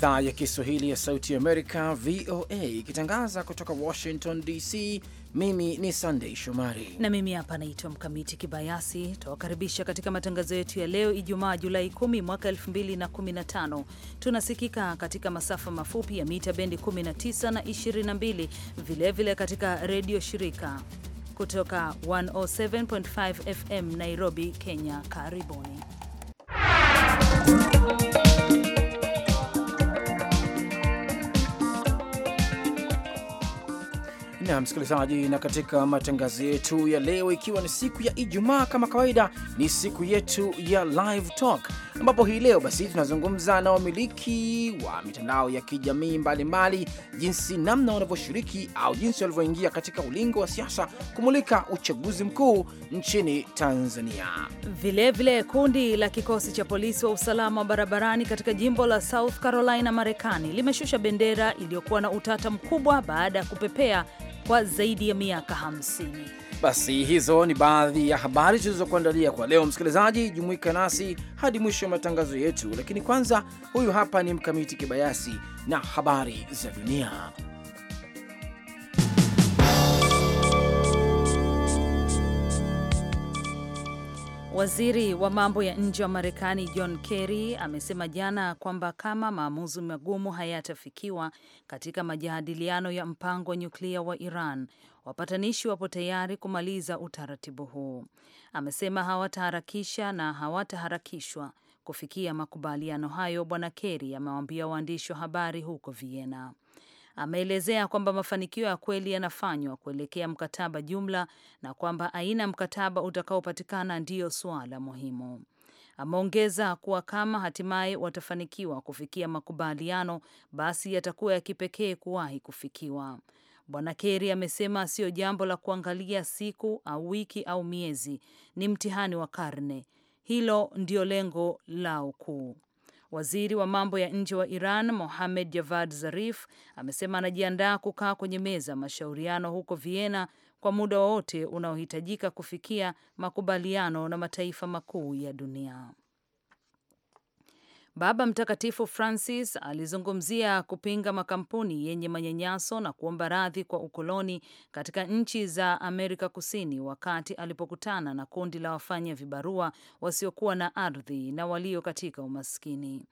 idhaa ya Kiswahili ya Sauti Amerika, VOA, ikitangaza kutoka Washington DC. Mimi ni Sandei Shomari na mimi hapa naitwa Mkamiti Kibayasi. Tunawakaribisha katika matangazo yetu ya leo Ijumaa, Julai 10 mwaka 2015. Tunasikika katika masafa mafupi ya mita bendi 19 na 22, vilevile katika redio shirika kutoka 107.5 FM Nairobi, Kenya. Karibuni tena msikilizaji, na katika matangazo yetu ya leo, ikiwa ni siku ya Ijumaa, kama kawaida ni siku yetu ya live talk, ambapo hii leo basi tunazungumza na wamiliki wa mitandao ya kijamii mbalimbali, jinsi namna wanavyoshiriki au jinsi walivyoingia katika ulingo wa siasa kumulika uchaguzi mkuu nchini Tanzania. Vilevile vile, kundi la kikosi cha polisi wa usalama wa barabarani katika jimbo la South Carolina, Marekani limeshusha bendera iliyokuwa na utata mkubwa baada ya kupepea kwa zaidi ya miaka 50. Basi hizo ni baadhi ya habari zilizokuandalia kwa leo. Msikilizaji, jumuika nasi hadi mwisho wa matangazo yetu, lakini kwanza, huyu hapa ni Mkamiti Kibayasi na habari za dunia. Waziri wa mambo ya nje wa Marekani John Kerry amesema jana kwamba kama maamuzi magumu hayatafikiwa katika majadiliano ya mpango wa nyuklia wa Iran, wapatanishi wapo tayari kumaliza utaratibu huu. Amesema hawataharakisha na hawataharakishwa kufikia makubaliano hayo. Bwana Kerry amewaambia waandishi wa habari huko Vienna ameelezea kwamba mafanikio ya kweli yanafanywa kuelekea mkataba jumla na kwamba aina ya mkataba utakaopatikana ndiyo suala muhimu. Ameongeza kuwa kama hatimaye watafanikiwa kufikia makubaliano, basi yatakuwa ya kipekee kuwahi kufikiwa. Bwana Kerry amesema siyo jambo la kuangalia siku au wiki au miezi, ni mtihani wa karne. Hilo ndio lengo lao kuu. Waziri wa mambo ya nje wa Iran Mohamed Javad Zarif amesema anajiandaa kukaa kwenye meza mashauriano huko Vienna kwa muda wowote unaohitajika kufikia makubaliano na mataifa makuu ya dunia. Baba Mtakatifu Francis alizungumzia kupinga makampuni yenye manyanyaso na kuomba radhi kwa ukoloni katika nchi za Amerika Kusini wakati alipokutana na kundi la wafanya vibarua wasiokuwa na ardhi na walio katika umaskini.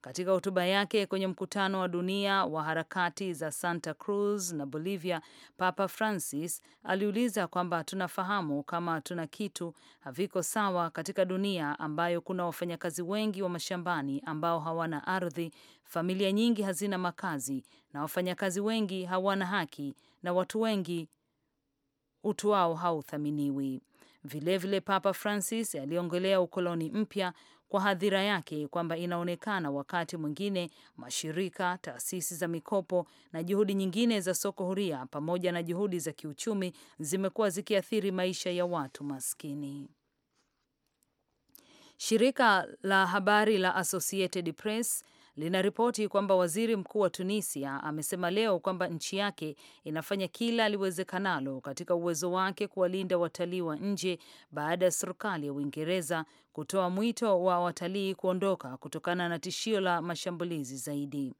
Katika hotuba yake kwenye mkutano wa dunia wa harakati za Santa Cruz na Bolivia, Papa Francis aliuliza kwamba tunafahamu kama tuna kitu haviko sawa katika dunia ambayo kuna wafanyakazi wengi wa mashambani ambao hawana ardhi, familia nyingi hazina makazi, na wafanyakazi wengi hawana haki, na watu wengi utu wao hauthaminiwi. Vilevile, Papa Francis aliongelea ukoloni mpya kwa hadhira yake kwamba inaonekana wakati mwingine mashirika, taasisi za mikopo na juhudi nyingine za soko huria pamoja na juhudi za kiuchumi zimekuwa zikiathiri maisha ya watu maskini. Shirika la habari la Associated Press linaripoti kwamba waziri mkuu wa Tunisia amesema leo kwamba nchi yake inafanya kila aliwezekanalo katika uwezo wake kuwalinda watalii wa nje baada ya serikali ya Uingereza kutoa mwito wa watalii kuondoka kutokana na tishio la mashambulizi zaidi.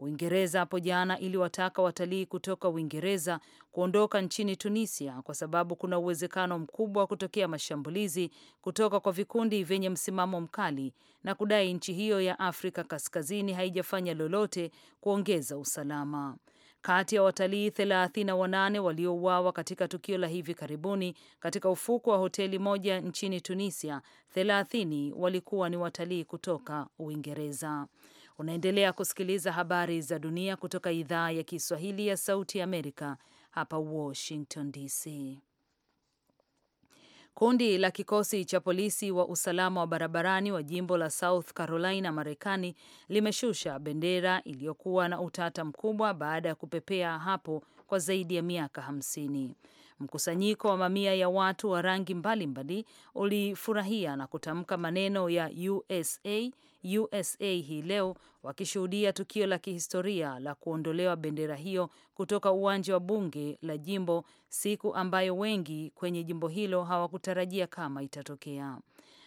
Uingereza hapo jana iliwataka watalii kutoka Uingereza kuondoka nchini Tunisia kwa sababu kuna uwezekano mkubwa wa kutokea mashambulizi kutoka kwa vikundi vyenye msimamo mkali na kudai nchi hiyo ya Afrika Kaskazini haijafanya lolote kuongeza usalama. Kati ya watalii 38 waliouawa katika tukio la hivi karibuni katika ufuko wa hoteli moja nchini Tunisia, 30 walikuwa ni watalii kutoka Uingereza. Unaendelea kusikiliza habari za dunia kutoka idhaa ya Kiswahili ya Sauti ya Amerika hapa Washington DC. Kundi la kikosi cha polisi wa usalama wa barabarani wa jimbo la South Carolina, Marekani, limeshusha bendera iliyokuwa na utata mkubwa baada ya kupepea hapo kwa zaidi ya miaka hamsini. Mkusanyiko wa mamia ya watu wa rangi mbalimbali ulifurahia na kutamka maneno ya USA USA hii leo wakishuhudia tukio la kihistoria la kuondolewa bendera hiyo kutoka uwanja wa bunge la jimbo, siku ambayo wengi kwenye jimbo hilo hawakutarajia kama itatokea.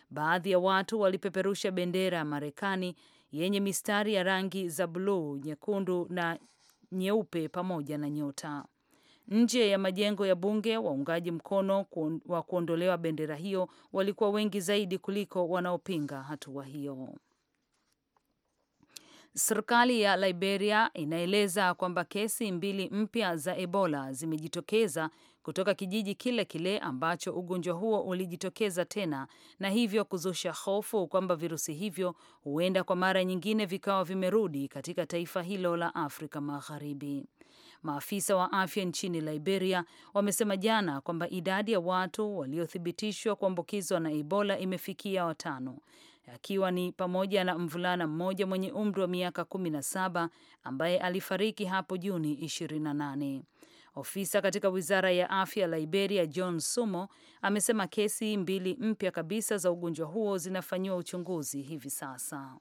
Baadhi ya watu walipeperusha bendera ya Marekani yenye mistari ya rangi za bluu, nyekundu na nyeupe pamoja na nyota. Nje ya majengo ya bunge, waungaji mkono wa kuondolewa bendera hiyo walikuwa wengi zaidi kuliko wanaopinga hatua hiyo. Serikali ya Liberia inaeleza kwamba kesi mbili mpya za Ebola zimejitokeza kutoka kijiji kile kile ambacho ugonjwa huo ulijitokeza tena na hivyo kuzusha hofu kwamba virusi hivyo huenda kwa mara nyingine vikawa vimerudi katika taifa hilo la Afrika Magharibi. Maafisa wa afya nchini Liberia wamesema jana kwamba idadi ya watu waliothibitishwa kuambukizwa na Ebola imefikia watano akiwa ni pamoja na mvulana mmoja mwenye umri wa miaka kumi na saba ambaye alifariki hapo Juni 28. Ofisa katika wizara ya afya Liberia, John Sumo, amesema kesi mbili mpya kabisa za ugonjwa huo zinafanyiwa uchunguzi hivi sasa.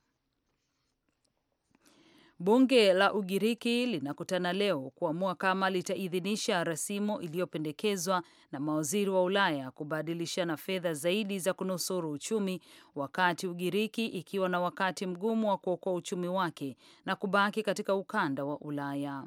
Bunge la Ugiriki linakutana leo kuamua kama litaidhinisha rasimu iliyopendekezwa na mawaziri wa Ulaya kubadilishana fedha zaidi za kunusuru uchumi, wakati Ugiriki ikiwa na wakati mgumu wa kuokoa uchumi wake na kubaki katika ukanda wa Ulaya.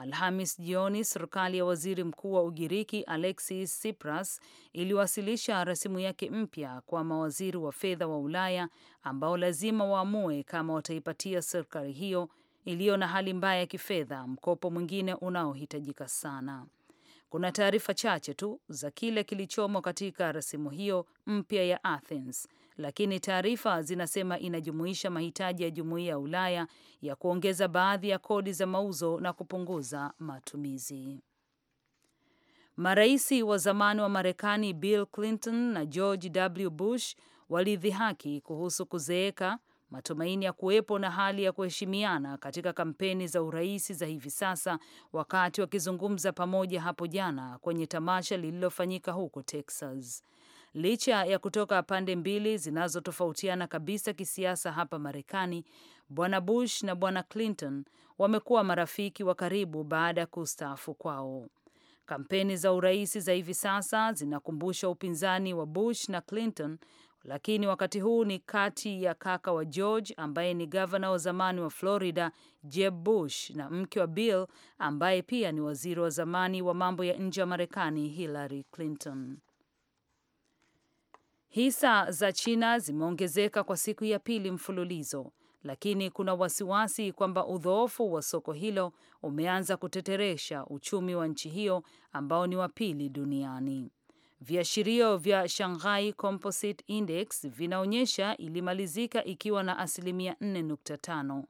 Alhamis jioni serikali ya waziri mkuu wa Ugiriki Alexis Tsipras iliwasilisha rasimu yake mpya kwa mawaziri wa fedha wa Ulaya ambao lazima waamue kama wataipatia serikali hiyo iliyo na hali mbaya ya kifedha mkopo mwingine unaohitajika sana. Kuna taarifa chache tu za kile kilichomo katika rasimu hiyo mpya ya Athens lakini taarifa zinasema inajumuisha mahitaji ya jumuiya ya Ulaya ya kuongeza baadhi ya kodi za mauzo na kupunguza matumizi. maraisi wa zamani wa Marekani Bill Clinton na George W. Bush walidhihaki kuhusu kuzeeka, matumaini ya kuwepo na hali ya kuheshimiana katika kampeni za urais za hivi sasa, wakati wakizungumza pamoja hapo jana kwenye tamasha lililofanyika huko Texas. Licha ya kutoka pande mbili zinazotofautiana kabisa kisiasa hapa Marekani, Bwana Bush na Bwana Clinton wamekuwa marafiki wa karibu baada ya kustaafu kwao. Kampeni za urais za hivi sasa zinakumbusha upinzani wa Bush na Clinton, lakini wakati huu ni kati ya kaka wa George ambaye ni gavana wa zamani wa Florida Jeb Bush na mke wa Bill ambaye pia ni waziri wa zamani wa mambo ya nje wa Marekani Hillary Clinton. Hisa za China zimeongezeka kwa siku ya pili mfululizo, lakini kuna wasiwasi kwamba udhoofu wa soko hilo umeanza kuteteresha uchumi wa nchi hiyo ambao ni wa pili duniani. Viashirio vya Shanghai Composite Index vinaonyesha ilimalizika ikiwa na asilimia 4.5.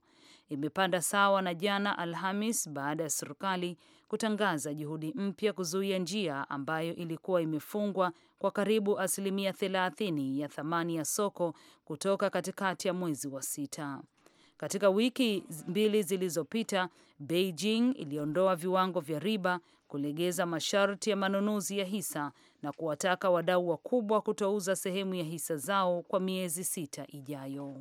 Imepanda sawa na jana Alhamis baada ya serikali kutangaza juhudi mpya kuzuia njia ambayo ilikuwa imefungwa kwa karibu asilimia thelathini ya thamani ya soko kutoka katikati ya mwezi wa sita. Katika wiki mbili zilizopita, Beijing iliondoa viwango vya riba, kulegeza masharti ya manunuzi ya hisa na kuwataka wadau wakubwa kutouza sehemu ya hisa zao kwa miezi sita ijayo.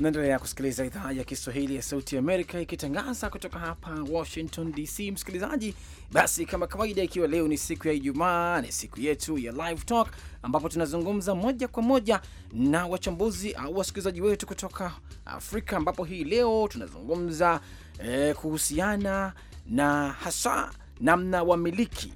Naendelea kusikiliza idhaa ya Kiswahili ya Sauti Amerika ikitangaza kutoka hapa Washington DC. Msikilizaji, basi kama kawaida, ikiwa leo ni siku ya Ijumaa, ni siku yetu ya Live Talk ambapo tunazungumza moja kwa moja na wachambuzi au wasikilizaji wetu kutoka Afrika, ambapo hii leo tunazungumza eh, kuhusiana na hasa namna wamiliki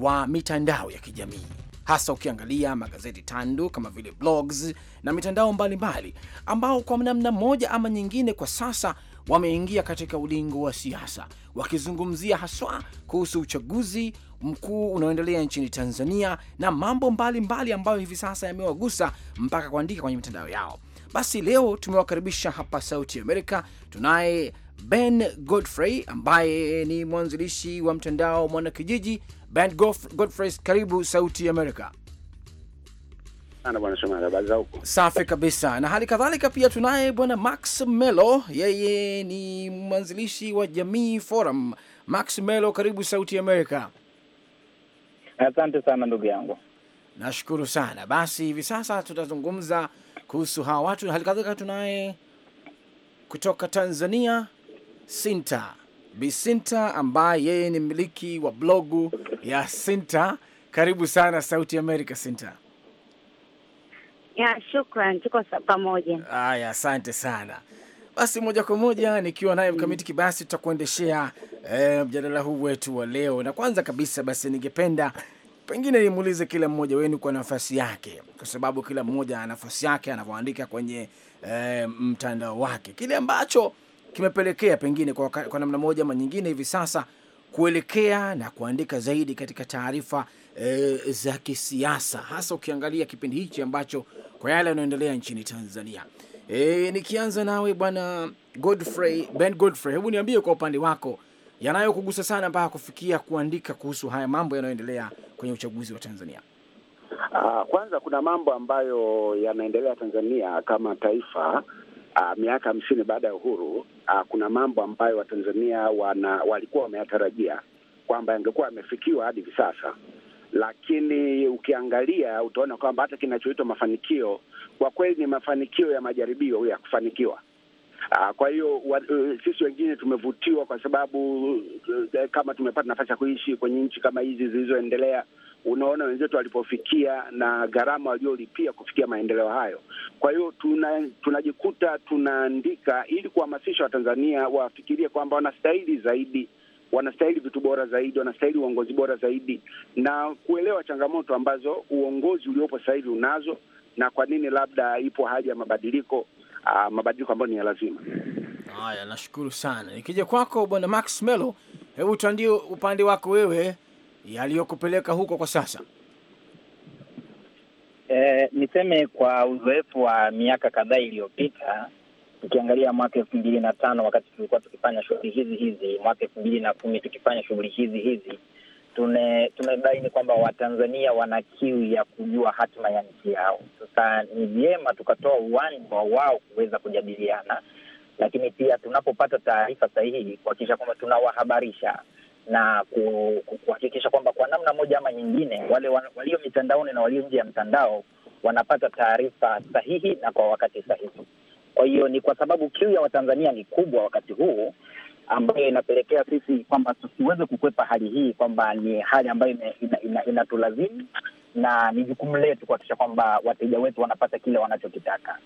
wa mitandao ya kijamii hasa ukiangalia magazeti tandu kama vile blogs na mitandao mbalimbali, ambao kwa namna moja ama nyingine kwa sasa wameingia katika ulingo wa siasa wakizungumzia haswa kuhusu uchaguzi mkuu unaoendelea nchini Tanzania na mambo mbalimbali mbali ambayo hivi sasa yamewagusa mpaka kuandika kwenye mitandao yao. Basi leo tumewakaribisha hapa Sauti Amerika. Tunaye Ben Godfrey ambaye ni mwanzilishi wa mtandao Mwanakijiji Bert Godfrey, karibu Sauti ya Amerika. Safi kabisa, na hali kadhalika pia tunaye bwana Max Melo, yeye ni mwanzilishi wa Jamii Forum. Max Melo, karibu Sauti ya Amerika. Asante sana ndugu yangu, nashukuru sana. Basi hivi sasa tutazungumza kuhusu hawa watu, hali kadhalika tunaye kutoka Tanzania Sinta Bisinta ambaye yeye ni mmiliki wa blogu ya Sinta. Karibu sana Sauti Amerika, Sinta. Ya, shukran, tuko pamoja. Haya, asante sana. Basi moja kwa moja nikiwa naye Mkamiti Kibasi tutakuendeshea eh, mjadala huu wetu wa leo, na kwanza kabisa basi ningependa pengine nimuulize kila mmoja wenu kwa nafasi yake, kwa sababu kila mmoja ana nafasi yake anavyoandika kwenye eh, mtandao wake, kile ambacho kimepelekea pengine kwa, kwa namna moja ama nyingine hivi sasa kuelekea na kuandika zaidi katika taarifa e, za kisiasa, hasa ukiangalia kipindi hichi ambacho kwa yale yanayoendelea nchini Tanzania. E, nikianza nawe bwana Godfrey, Ben Godfrey, hebu niambie kwa upande wako yanayokugusa sana mpaka kufikia kuandika kuhusu haya mambo yanayoendelea kwenye uchaguzi wa Tanzania. Ah, kwanza kuna mambo ambayo yanaendelea Tanzania kama taifa uh, miaka hamsini baada ya uhuru uh, kuna mambo ambayo Watanzania wana, walikuwa wameyatarajia kwamba yangekuwa yamefikiwa hadi hivi sasa, lakini ukiangalia utaona kwamba hata kinachoitwa mafanikio kwa kweli ni mafanikio ya majaribio ya kufanikiwa. Uh, kwa hiyo uh, sisi wengine tumevutiwa kwa sababu uh, kama tumepata nafasi ya kuishi kwenye nchi kama hizi zilizoendelea unaona wenzetu walipofikia na gharama waliolipia kufikia maendeleo hayo. Kwa hiyo tuna, tunajikuta tunaandika ili kuhamasisha Watanzania wafikirie kwamba wanastahili zaidi wanastahili vitu bora zaidi, wanastahili uongozi bora zaidi, na kuelewa changamoto ambazo uongozi uliopo sasa hivi unazo na kwa nini labda ipo haja ya mabadiliko uh, mabadiliko ambayo ni ya lazima. Haya, nashukuru sana. Nikija kwako Bwana Max Melo, hebu tuandie upande wako wewe yaliyokupeleka huko kwa sasa? E, niseme kwa uzoefu wa miaka kadhaa iliyopita, tukiangalia mwaka elfu mbili na tano wakati tulikuwa tukifanya shughuli hizi hizi, mwaka elfu mbili na kumi tukifanya shughuli hizi hizi, tumebaini kwamba Watanzania wana kiu ya kujua hatima ya nchi yao. Sasa ni vyema tukatoa uwanja wao kuweza kujadiliana, lakini pia tunapopata taarifa sahihi kuhakikisha kwamba tunawahabarisha na kuhakikisha kwamba kwa namna moja ama nyingine wale walio mitandaoni na walio nje ya mtandao wanapata taarifa sahihi na kwa wakati sahihi. Kwa hiyo ni kwa sababu kiu ya Watanzania ni kubwa wakati huu ambayo inapelekea sisi kwamba tusiweze kukwepa hali hii, kwamba ni hali ambayo inatulazimu ina, ina, ina na ni jukumu letu kuhakikisha kwamba wateja wetu wanapata kile wanachokitaka.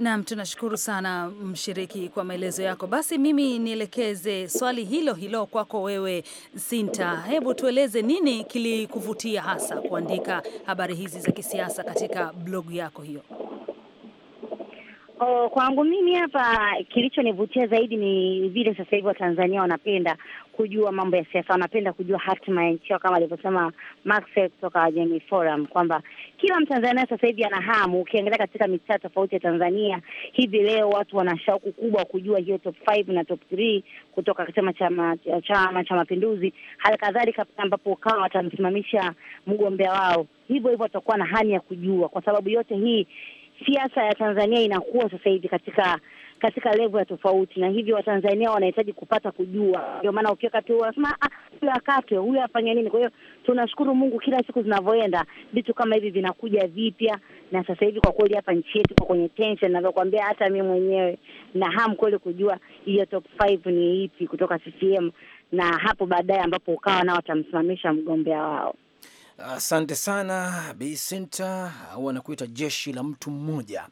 Naam, tunashukuru sana mshiriki kwa maelezo yako. Basi mimi nielekeze swali hilo hilo kwako wewe Sinta, hebu tueleze nini kilikuvutia hasa kuandika habari hizi za kisiasa katika blogu yako hiyo? Oh, kwangu mimi hapa kilichonivutia zaidi ni vile sasa hivi Watanzania wanapenda kujua mambo ya siasa, wanapenda kujua hatima ya nchi yao, kama alivyosema Maxwell kutoka Jamii Forum kwamba kila Mtanzania sasa hivi ana hamu. Ukiangalia katika mitaa tofauti ya Tanzania hivi leo, watu wana shauku kubwa kujua hiyo top 5 na top 3 kutoka chama chama cha Mapinduzi, hali kadhalika ambapo kama watamsimamisha mgombea wao, hivyo hivyo watakuwa na hani ya kujua, kwa sababu yote hii siasa ya Tanzania inakuwa sasa hivi katika katika levo ya tofauti, na hivyo Watanzania wanahitaji kupata kujua. Ndio maana ukiweka tu wanasema ah, huyo akatwe, huyo afanye nini. Kwa hiyo tunashukuru Mungu, kila siku zinavyoenda vitu kama hivi vinakuja vipya, na sasa hivi kwa kweli hapa nchi yetu kwa kwenye tension, navyokwambia hata mi mwenyewe na hamu kweli kujua hiyo top five ni ipi kutoka CCM, na hapo baadaye ambapo ukawa nao watamsimamisha mgombea wao. Asante sana b Sinta, au anakuita jeshi la mtu mmoja.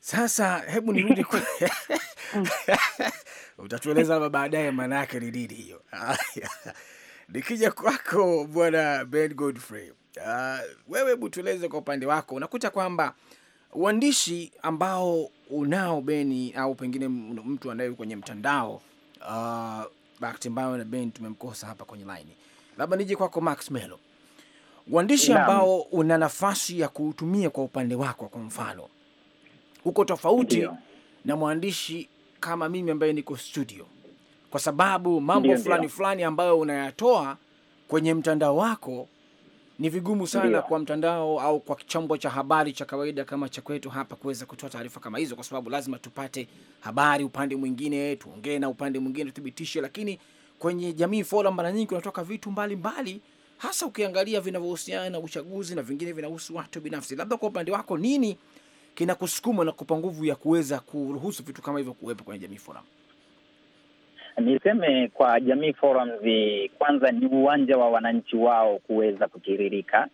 Sasa hebu nirudi kwa utatueleza labda baadaye maana yake ni nini hiyo. Nikija kwako Bwana Ben Godfrey, uh, wewe hebu tueleze kwa upande wako, unakuta kwamba uandishi ambao unao Beni au pengine mtu anaye kwenye mtandao uh, bahati mbaya na Ben tumemkosa hapa kwenye laini, labda nije kwako Max Melo uandishi ambao una nafasi ya kuutumia kwa upande wako, kwa mfano huko tofauti Ndiyo. na mwandishi kama mimi ambaye niko studio, kwa sababu mambo fulani fulani ambayo unayatoa kwenye mtandao wako ni vigumu sana Ndiyo. kwa mtandao au kwa chombo cha habari cha kawaida kama cha kwetu hapa kuweza kutoa taarifa kama hizo, kwa sababu lazima tupate habari upande mwingine, tuongee na upande mwingine tuthibitishe. Lakini kwenye Jamii Forum mara nyingi unatoka vitu mbalimbali mbali, hasa ukiangalia vinavyohusiana na uchaguzi na vingine vinahusu watu binafsi. Labda kwa upande wako, nini kinakusukuma na kupa nguvu ya kuweza kuruhusu vitu kama hivyo kuwepo kwenye Jamii Forum? Niseme kwa Jamii Forum, kwanza ni uwanja wa wananchi wao kuweza kutiririka,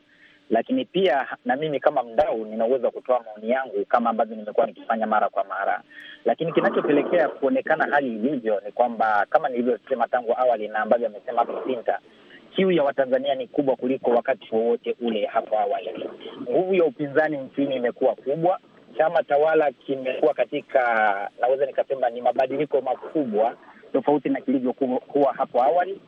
lakini pia na mimi kama mdau ninaweza kutoa maoni yangu kama ambavyo nimekuwa nikifanya mara kwa mara, lakini kinachopelekea kuonekana hali ilivyo ni kwamba kama nilivyosema tangu awali na ambavyo amesema hapo Sinta kiu ya Watanzania ni kubwa kuliko wakati wowote ule hapo awali. Nguvu ya upinzani nchini imekuwa kubwa. Chama tawala kimekuwa katika, naweza nikasema ni mabadiliko makubwa, tofauti na kilivyokuwa hapo awali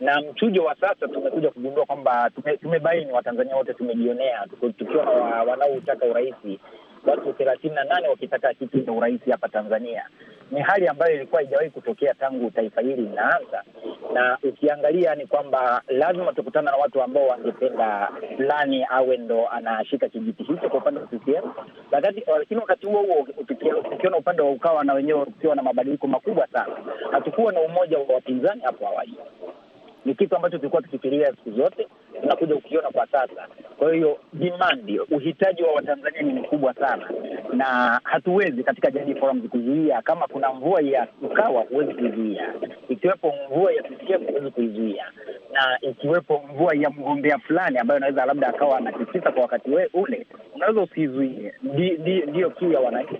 na mchujo wa sasa tumekuja kugundua kwamba tumebaini, Watanzania wote tumejionea, tukiwa na wanaoutaka urais, watu thelathini na nane wakitaka kiti cha urais hapa Tanzania. Ni hali ambayo ilikuwa haijawahi kutokea tangu taifa hili linaanza, na ukiangalia ni kwamba lazima tukutana na watu ambao wangependa fulani awe ndo anashika kijiti hicho kwa upande wa CCM, lakini wakati huo huo ukiona upande wa Ukawa na wenyewe ukiwa na mabadiliko makubwa sana. Hatukuwa na umoja wa wapinzani hapo awali ni kitu ambacho tulikuwa tukifikiria siku zote, tunakuja kukiona kwa sasa. Kwa hiyo demand, uhitaji wa Watanzania ni mkubwa sana, na hatuwezi katika Jadi Forums kuzuia. Kama kuna mvua ya Ukawa huwezi kuizuia, ikiwepo mvua ya CCM huwezi kuizuia, na ikiwepo mvua ya mgombea fulani ambayo anaweza labda akawa anatisisa kwa wakati we, ule unaweza usizuie. Ndiyo kiu ya wananchi,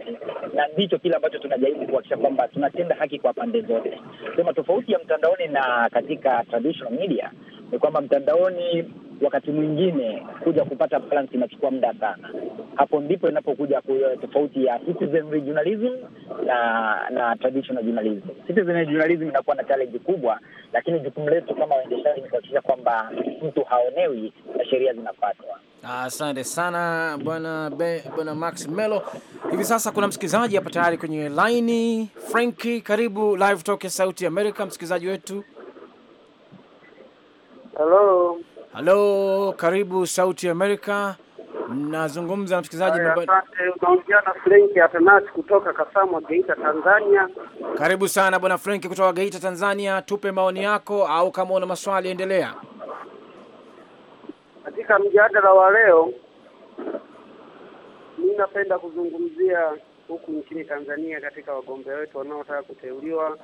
na ndicho kile ambacho tunajaribu kuhakikisha kwamba tunatenda haki kwa pande zote, sema tofauti ya mtandaoni na katika social media ni kwamba mtandaoni wakati mwingine kuja kupata balance inachukua muda sana. Hapo ndipo inapokuja tofauti ya citizenry journalism na na traditional journalism. journalism inakuwa na challenge kubwa, lakini jukumu letu kama waendeshaji ni kuhakikisha kwamba mtu haonewi na sheria zinafuatwa. Asante sana bwana bwana Max Melo. Hivi sasa kuna msikilizaji hapa tayari kwenye laini. Franki, karibu Live Talk ya Sauti Amerika, msikilizaji wetu Hello. Hello, karibu Sauti Amerika. Nazungumza na msikilizaji unaongea na Frank Athanasi kutoka Kasamwa, Geita, Tanzania. Karibu sana bwana frenki kutoka Geita, Tanzania. Tupe maoni yako au kama una maswali endelea. Katika mjadala wa leo, mi napenda kuzungumzia huku nchini Tanzania katika wagombea wetu wanaotaka kuteuliwa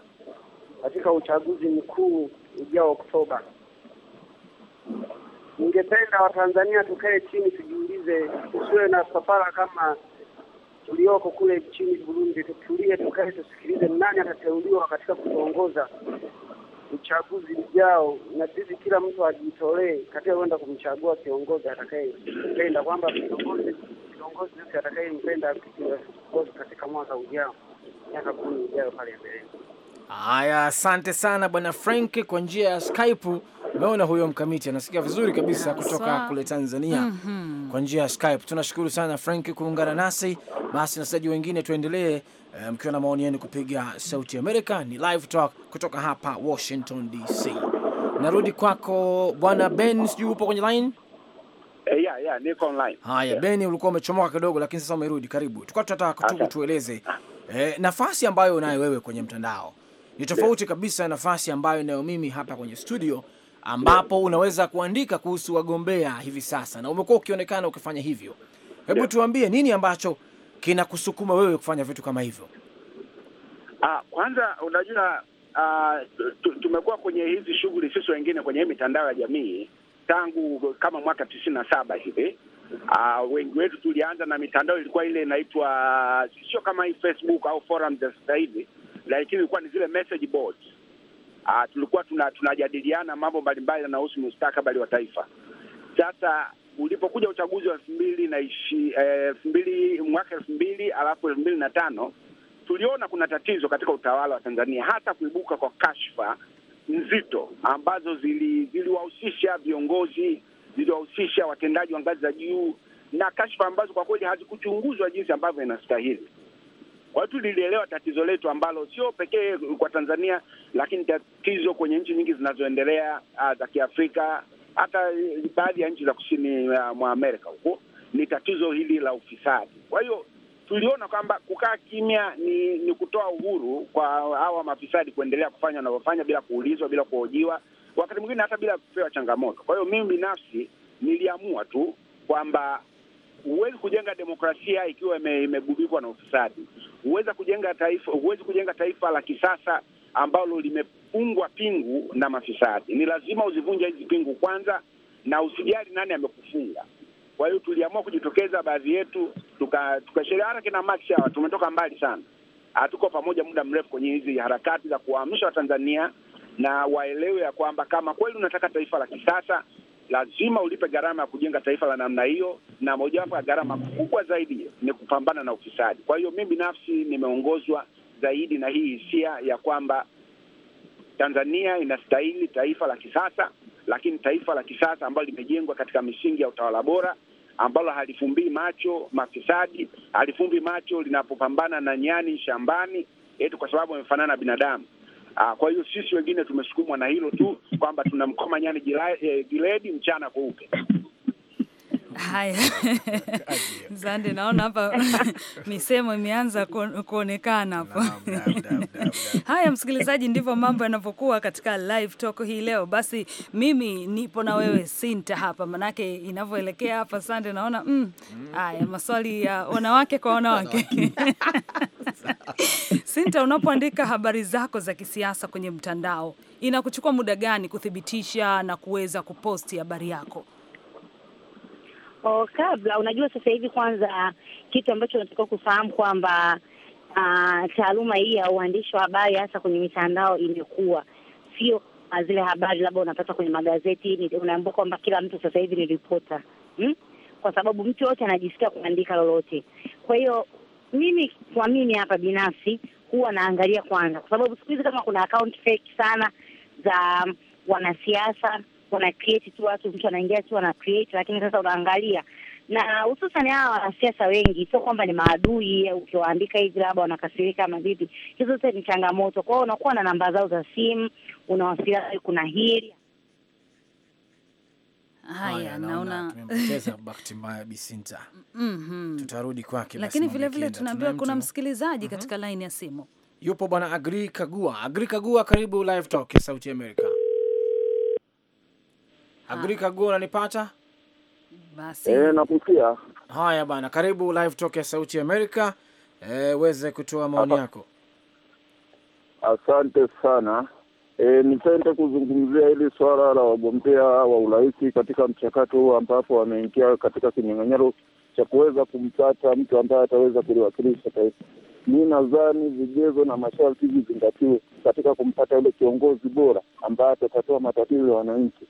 katika uchaguzi mkuu ujao Oktoba. Ningependa Watanzania tukae chini tujiulize, tusiwe na papara kama tulioko kule nchini Burundi. Tutulie, tukae, tusikilize nani atateuliwa katika kuongoza uchaguzi ujao, na sisi kila mtu ajitolee katika kwenda kumchagua kiongozi atakayempenda, kwamba kiongozi kiongozi yote atakayempenda katika mwaka ujao, miaka kumi ujao pale mbeleni. Haya, asante sana Bwana Frank kwa njia ya Skype. Umeona huyo mkamiti anasikia vizuri kabisa kutoka kule Tanzania mhm. kwa njia ya Skype. Tunashukuru sana Frank kuungana nasi basi, na wasaji wengine tuendelee eh, mkiwa na maoni yenu kupiga Sauti Amerika. Ni live talk kutoka hapa Washington DC. Narudi kwako Bwana Ben, sijui upo kwenye line? Eh, yeah, yeah, niko online. Haya, yeah. Ben ulikuwa umechomoka kidogo lakini sasa umerudi, karibu. Tulikuwa tunataka okay. tueleze eh, nafasi ambayo unayo wewe kwenye mtandao ni tofauti yeah. kabisa nafasi ambayo nayo mimi hapa kwenye studio ambapo unaweza kuandika kuhusu wagombea hivi sasa, na umekuwa ukionekana ukifanya hivyo. Hebu tuambie nini ambacho kinakusukuma wewe kufanya vitu kama hivyo? Ah, kwanza unajua ah, tumekuwa kwenye hizi shughuli sisi wengine kwenye hii mitandao ya jamii tangu kama mwaka tisini na saba hivi. Uh, wengi wetu tulianza na mitandao ilikuwa ile inaitwa sio kama hii Facebook au forum za sasa hivi, lakini ilikuwa ni zile message boards uh, tulikuwa tuna, tunajadiliana mambo mbalimbali yanayohusu mustakabali wa taifa. Sasa ulipokuja uchaguzi wa elfu mbili na ishi eh, elfu mbili mwaka elfu mbili alafu elfu mbili na tano tuliona kuna tatizo katika utawala wa Tanzania, hata kuibuka kwa kashfa nzito ambazo ziliwahusisha zili viongozi, ziliwahusisha watendaji wa ngazi za juu na kashfa ambazo kwa kweli hazikuchunguzwa jinsi ambavyo inastahili. Kwa hiyo tulielewa tatizo letu ambalo sio pekee kwa Tanzania, lakini tatizo kwenye nchi nyingi zinazoendelea ah, za Kiafrika, hata baadhi ya nchi za kusini ah, mwa Amerika huko, ni tatizo hili la ufisadi. Kwa hiyo tuliona kwamba kukaa kimya ni, ni kutoa uhuru kwa hawa mafisadi kuendelea kufanya wanavyofanya bila kuulizwa, bila kuhojiwa, wakati mwingine hata bila kupewa changamoto. Kwa hiyo mimi binafsi niliamua tu kwamba Huwezi kujenga demokrasia ikiwa imegubikwa na ufisadi. Huwezi kujenga taifa, huwezi kujenga taifa la kisasa ambalo limefungwa pingu na mafisadi. Ni lazima uzivunje hizi pingu kwanza, na usijali nani amekufunga. Kwa hiyo tuliamua kujitokeza baadhi yetu tuka Hata kina Max hawa tumetoka mbali sana, hatuko pamoja muda mrefu kwenye hizi harakati za kuwaamsha Watanzania na waelewe ya kwamba kama kweli unataka taifa la kisasa lazima ulipe gharama ya kujenga taifa la namna hiyo, na mojawapo ya gharama kubwa zaidi ni kupambana na ufisadi. Kwa hiyo mi binafsi nimeongozwa zaidi na hii hisia ya kwamba Tanzania inastahili taifa la kisasa, lakini taifa la kisasa ambalo limejengwa katika misingi ya utawala bora, ambalo halifumbii macho mafisadi, halifumbi macho linapopambana na nyani shambani, eti kwa sababu amefanana na binadamu. Aa, ah, kwa hiyo sisi wengine tumesukumwa na hilo tu kwamba tuna mkoma nyani eh, giledi mchana kweupe. Haya, Zande, naona hapa misemo imeanza kuonekana hapo. Haya, msikilizaji, ndivyo mambo yanavyokuwa katika live talk hii leo. Basi mimi nipo na wewe Sinta hapa, manake inavyoelekea hapa Sande naona mm, mm, haya maswali ya wanawake kwa wanawake Sinta, unapoandika habari zako za kisiasa kwenye mtandao inakuchukua muda gani kuthibitisha na kuweza kuposti habari yako? O, oh, kabla unajua, sasa hivi kwanza kitu ambacho unatakiwa kufahamu kwamba uh, taaluma hii ya uandishi wa habari hasa kwenye mitandao imekuwa sio ah, zile habari labda unapata kwenye magazeti, unaambua kwamba kila mtu sasa hivi ni ripota hmm? Kwa sababu mtu yote anajisikia kuandika lolote. Kwa hiyo mimi kwa mimi hapa binafsi huwa naangalia kwanza, kwa sababu siku hizi kama kuna account fake sana za um, wanasiasa wana create tu watu, mtu anaingia tu ana create, lakini sasa unaangalia na hususan hawa wanasiasa wengi, sio kwamba ni maadui. Ukiwaandika hivi labda wanakasirika ama vipi, hizo zote ni changamoto kwao. Unakuwa na namba zao za simu, unawasiliana, kuna hili Haya, naona tumempoteza Baktimaya Bisinta. mm -hmm. Tutarudi kwake, lakini vile vile tunaambiwa kuna msikilizaji mm -hmm. katika laini ya simu yupo bwana Agri Kagua. Agri Kagua, karibu Live Talk ya Sauti Amerika. Agrika ah. Go, unanipata? Basi. Eh, nakusikia. Haya bana, karibu live talk ya Sauti ya Amerika. Eh, weze kutoa maoni yako. Asante sana. E, nipende kuzungumzia hili swala la wagombea wa urais katika mchakato huu ambapo wameingia katika kinyang'anyiro cha kuweza kumpata mtu ambaye ataweza kuliwakilisha taifa Mi nadhani vigezo na masharti vizingatiwe katika kumpata yule kiongozi bora ambaye atatatua matatizo ya wananchi.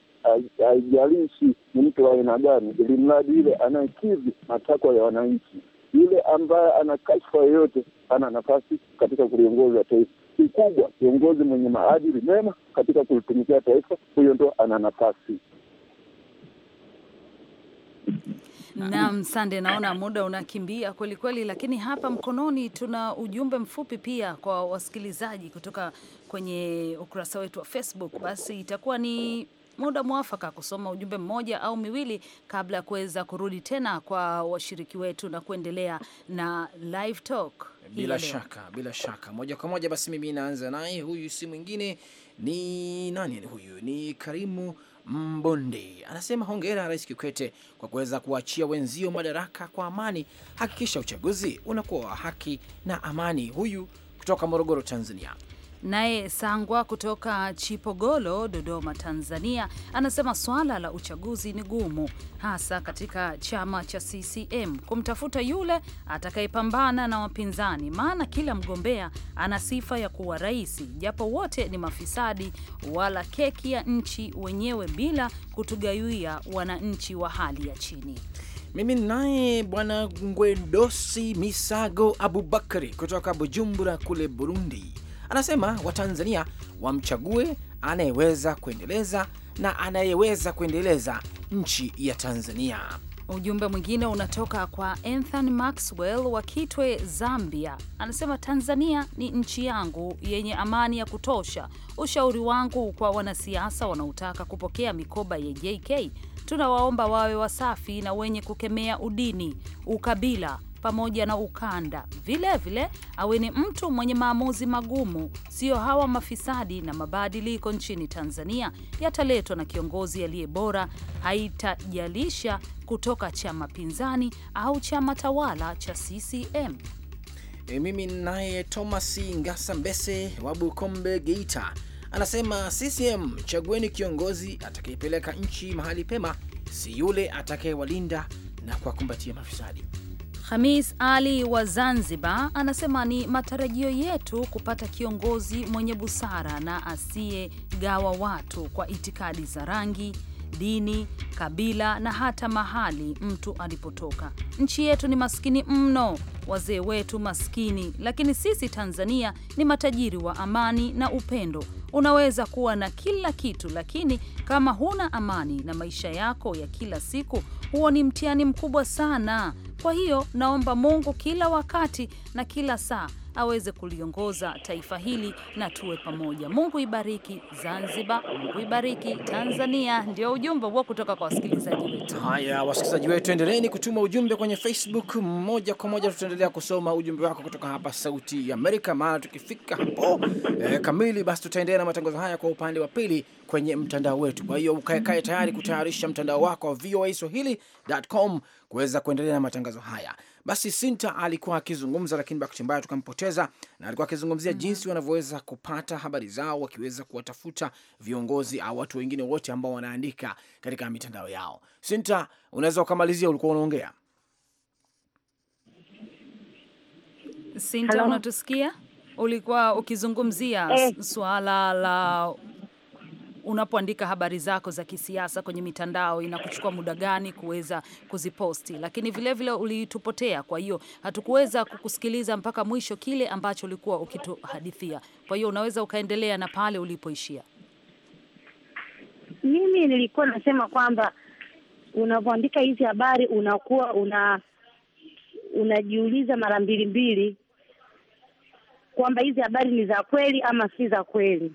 Haijalishi ni mtu wa aina gani, ili mradi yule anayekidhi matakwa ya wananchi. Yule ambaye ana kashfa yoyote ana nafasi katika kuliongoza taifa. Kikubwa, kiongozi mwenye maadili mema katika kulitumikia taifa, huyo ndo ana nafasi. Naam, Sande, naona muda unakimbia kweli kweli, lakini hapa mkononi tuna ujumbe mfupi pia kwa wasikilizaji kutoka kwenye ukurasa wetu wa Facebook. Basi itakuwa ni muda mwafaka kusoma ujumbe mmoja au miwili kabla ya kuweza kurudi tena kwa washiriki wetu na kuendelea na live talk. Bila shaka, bila shaka, moja kwa moja. Basi mimi naanza naye, huyu si mwingine ni nani? Huyu ni Karimu Mbondi anasema hongera Rais Kikwete kwa kuweza kuachia wenzio madaraka kwa amani. Hakikisha uchaguzi unakuwa wa haki na amani. Huyu kutoka Morogoro, Tanzania. Naye Sangwa kutoka Chipogolo, Dodoma, Tanzania, anasema swala la uchaguzi ni gumu, hasa katika chama cha CCM kumtafuta yule atakayepambana na wapinzani, maana kila mgombea ana sifa ya kuwa rais, japo wote ni mafisadi, wala keki ya nchi wenyewe, bila kutugawia wananchi wa hali ya chini. Mimi naye Bwana Ngwedosi Misago Abubakari kutoka Bujumbura kule Burundi Anasema Watanzania wamchague anayeweza kuendeleza na anayeweza kuendeleza nchi ya Tanzania. Ujumbe mwingine unatoka kwa Anthony Maxwell wa Kitwe, Zambia. Anasema Tanzania ni nchi yangu yenye amani ya kutosha. Ushauri wangu kwa wanasiasa wanaotaka kupokea mikoba ya JK, tunawaomba wawe wasafi na wenye kukemea udini, ukabila pamoja na ukanda. Vilevile vile, awe ni mtu mwenye maamuzi magumu, sio hawa mafisadi. Na mabadiliko nchini Tanzania yataletwa na kiongozi aliye bora, haitajalisha kutoka chama pinzani au chama tawala cha CCM. E, mimi naye Thomas Ngasa Mbese wa Bukombe, Geita anasema CCM, chagueni kiongozi atakayepeleka nchi mahali pema, si yule atakayewalinda na kuwakumbatia mafisadi. Hamis Ali wa Zanzibar anasema ni matarajio yetu kupata kiongozi mwenye busara na asiyegawa watu kwa itikadi za rangi, dini, kabila na hata mahali mtu alipotoka. Nchi yetu ni maskini mno, wazee wetu maskini, lakini sisi Tanzania ni matajiri wa amani na upendo. Unaweza kuwa na kila kitu, lakini kama huna amani na maisha yako ya kila siku, huo ni mtihani mkubwa sana. Kwa hiyo naomba Mungu kila wakati na kila saa aweze kuliongoza taifa hili na tuwe pamoja. Mungu ibariki Zanzibar, Mungu ibariki Tanzania. Ndio ujumbe huo kutoka kwa wasikilizaji wetu. Haya, wasikilizaji wetu, endeleeni kutuma ujumbe kwenye Facebook moja kwa moja, tutaendelea kusoma ujumbe wako kutoka hapa Sauti ya Amerika, maana tukifika hapo eh, kamili, basi tutaendelea na matangazo haya kwa upande wa pili kwenye mtandao wetu. Kwa hiyo ukaekae tayari kutayarisha mtandao wako wa swahilicom kuweza kuendelea na matangazo haya. Basi Sinta alikuwa akizungumza, lakini bahati mbaya tukampoteza, na alikuwa akizungumzia mm -hmm. jinsi wanavyoweza kupata habari zao, wakiweza kuwatafuta viongozi au watu wengine wote ambao wanaandika katika mitandao yao. Sinta, unaweza ukamalizia, ulikuwa unaongea. Sinta, unatusikia? Ulikuwa ukizungumzia eh, suala la unapoandika habari zako za kisiasa kwenye mitandao inakuchukua muda gani kuweza kuziposti, lakini vilevile ulitupotea. Kwa hiyo hatukuweza kukusikiliza mpaka mwisho kile ambacho ulikuwa ukituhadithia. Kwa hiyo unaweza ukaendelea na pale ulipoishia. Mimi nilikuwa nasema kwamba unapoandika hizi habari unakuwa una unajiuliza mara mbili mbili kwamba hizi habari ni za kweli ama si za kweli.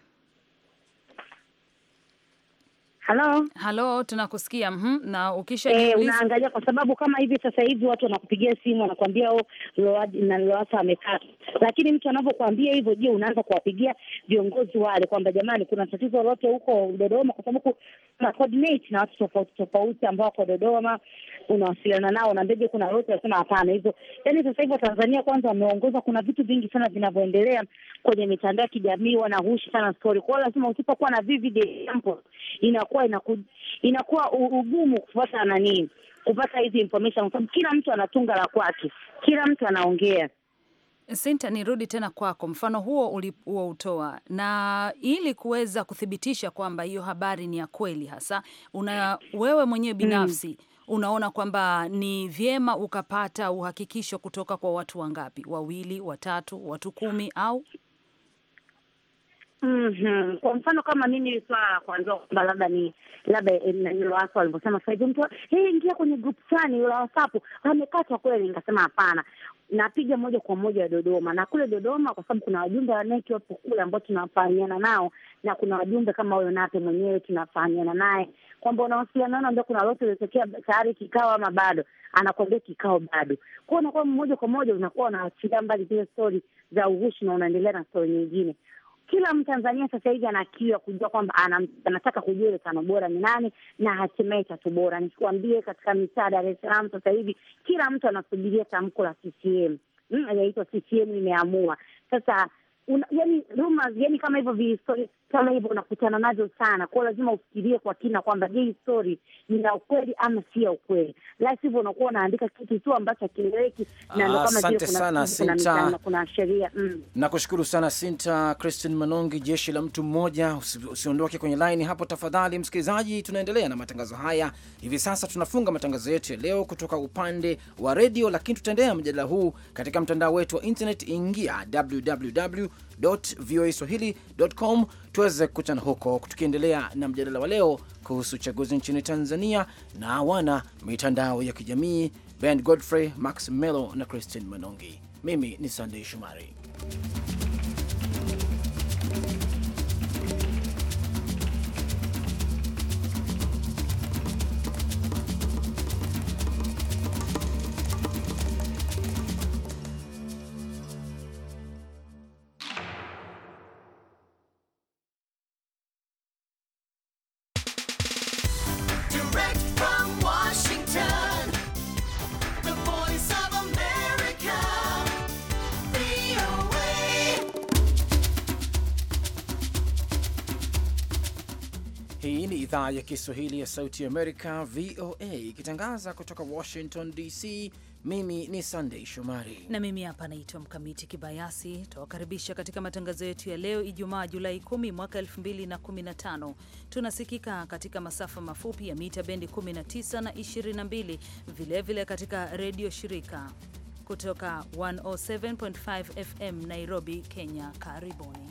Halo, halo, tunakusikia. mm -hmm. Na ukisha e, unaangalia kwa sababu kama hivi sasa hivi watu wanakupigia simu wanakuambia oh, na Lowassa amekata, lakini mtu anavyokuambia hivyo, je, unaanza kuwapigia viongozi wale kwamba jamani, kuna tatizo lolote huko Dodoma? Kwa sababu kuna coordinate na watu tofauti tofauti ambao wako Dodoma, unawasiliana nao na ndege, kuna lolote anasema hapana. Hizo yaani sasa hivi Tanzania kwanza wameongoza, kuna vitu vingi sana vinavyoendelea kwenye mitandao ya kijamii, wanahushi sana story Kwa hiyo lazima usipokuwa na vivid example ina inakuwa inaku, inakuwa ugumu kupata nani, kupata hizi information, kwa sababu kila mtu anatunga la kwake, kila mtu anaongea. Sinta, nirudi tena kwako, mfano huo ulioutoa, na ili kuweza kuthibitisha kwamba hiyo habari ni ya kweli hasa, una wewe mwenyewe mm. binafsi hmm unaona kwamba ni vyema ukapata uhakikisho kutoka kwa watu wangapi? Wawili, watatu, watu kumi au Mm -hmm. Kwa mfano kama mimi swala la kuambiwa kwamba labda ni labda watu walivyosema sasa hivi mtu hii ingia kwenye group fulani la WhatsApp amekatwa kweli, nikasema hapana, napiga moja kwa moja Dodoma na kule Dodoma, kwa sababu kuna wajumbe wa NEC wapo kule ambao tunafahamiana nao, na kuna wajumbe kama huyo Nape mwenyewe tunafahamiana naye kwamba unawasiliana nao, ndio kuna lote lilitokea tayari kikao ama bado, anakuambia kikao bado. Kwa unakuwa moja kwa moja unakuwa unaachilia mbali zile stori za uhushi na unaendelea na stori nyingine kila Mtanzania sasa hivi ana kiu ya kujua kwamba anataka kujua ile tano bora ni nani na hatimaye tatu bora. Nikuambie, katika mitaa Dar es Salaam sasa hivi kila mtu anasubiria tamko la CCM, hmm, inaitwa CCM imeamua sasa. Yaani rumors, yaani kama hivyo kama hivyo unakutana nazo sana kwao, lazima ufikirie kwa kina kwamba je, hii stori ni ya ukweli ama si ya ukweli, la sivyo unakuwa unaandika kitu tu ambacho hakieleweki. Na ndo kama vile kuna Sinta, kuna sheria mm. Nakushukuru sana Sinta Christine Manongi, jeshi la mtu mmoja. Usiondoke kwenye line hapo tafadhali, msikilizaji. Tunaendelea na matangazo haya hivi sasa, tunafunga matangazo yetu ya leo kutoka upande wa redio, lakini tutaendelea mjadala huu katika mtandao wetu wa internet. Ingia www voaswahili.com, tuweze kukutana huko tukiendelea na mjadala wa leo kuhusu uchaguzi nchini Tanzania na wana mitandao ya kijamii Ben Godfrey, Max Melo na Christine Manongi. Mimi ni Sandey Shumari. idhaa ya Kiswahili ya Sauti Amerika, VOA, ikitangaza kutoka Washington DC. Mimi ni Sandei Shomari na mimi hapa naitwa Mkamiti Kibayasi. Tunawakaribisha katika matangazo yetu ya leo Ijumaa, Julai 10 mwaka 2015. Tunasikika katika masafa mafupi ya mita bendi 19 na 22, vilevile vile katika redio shirika kutoka 107.5 FM Nairobi, Kenya. Karibuni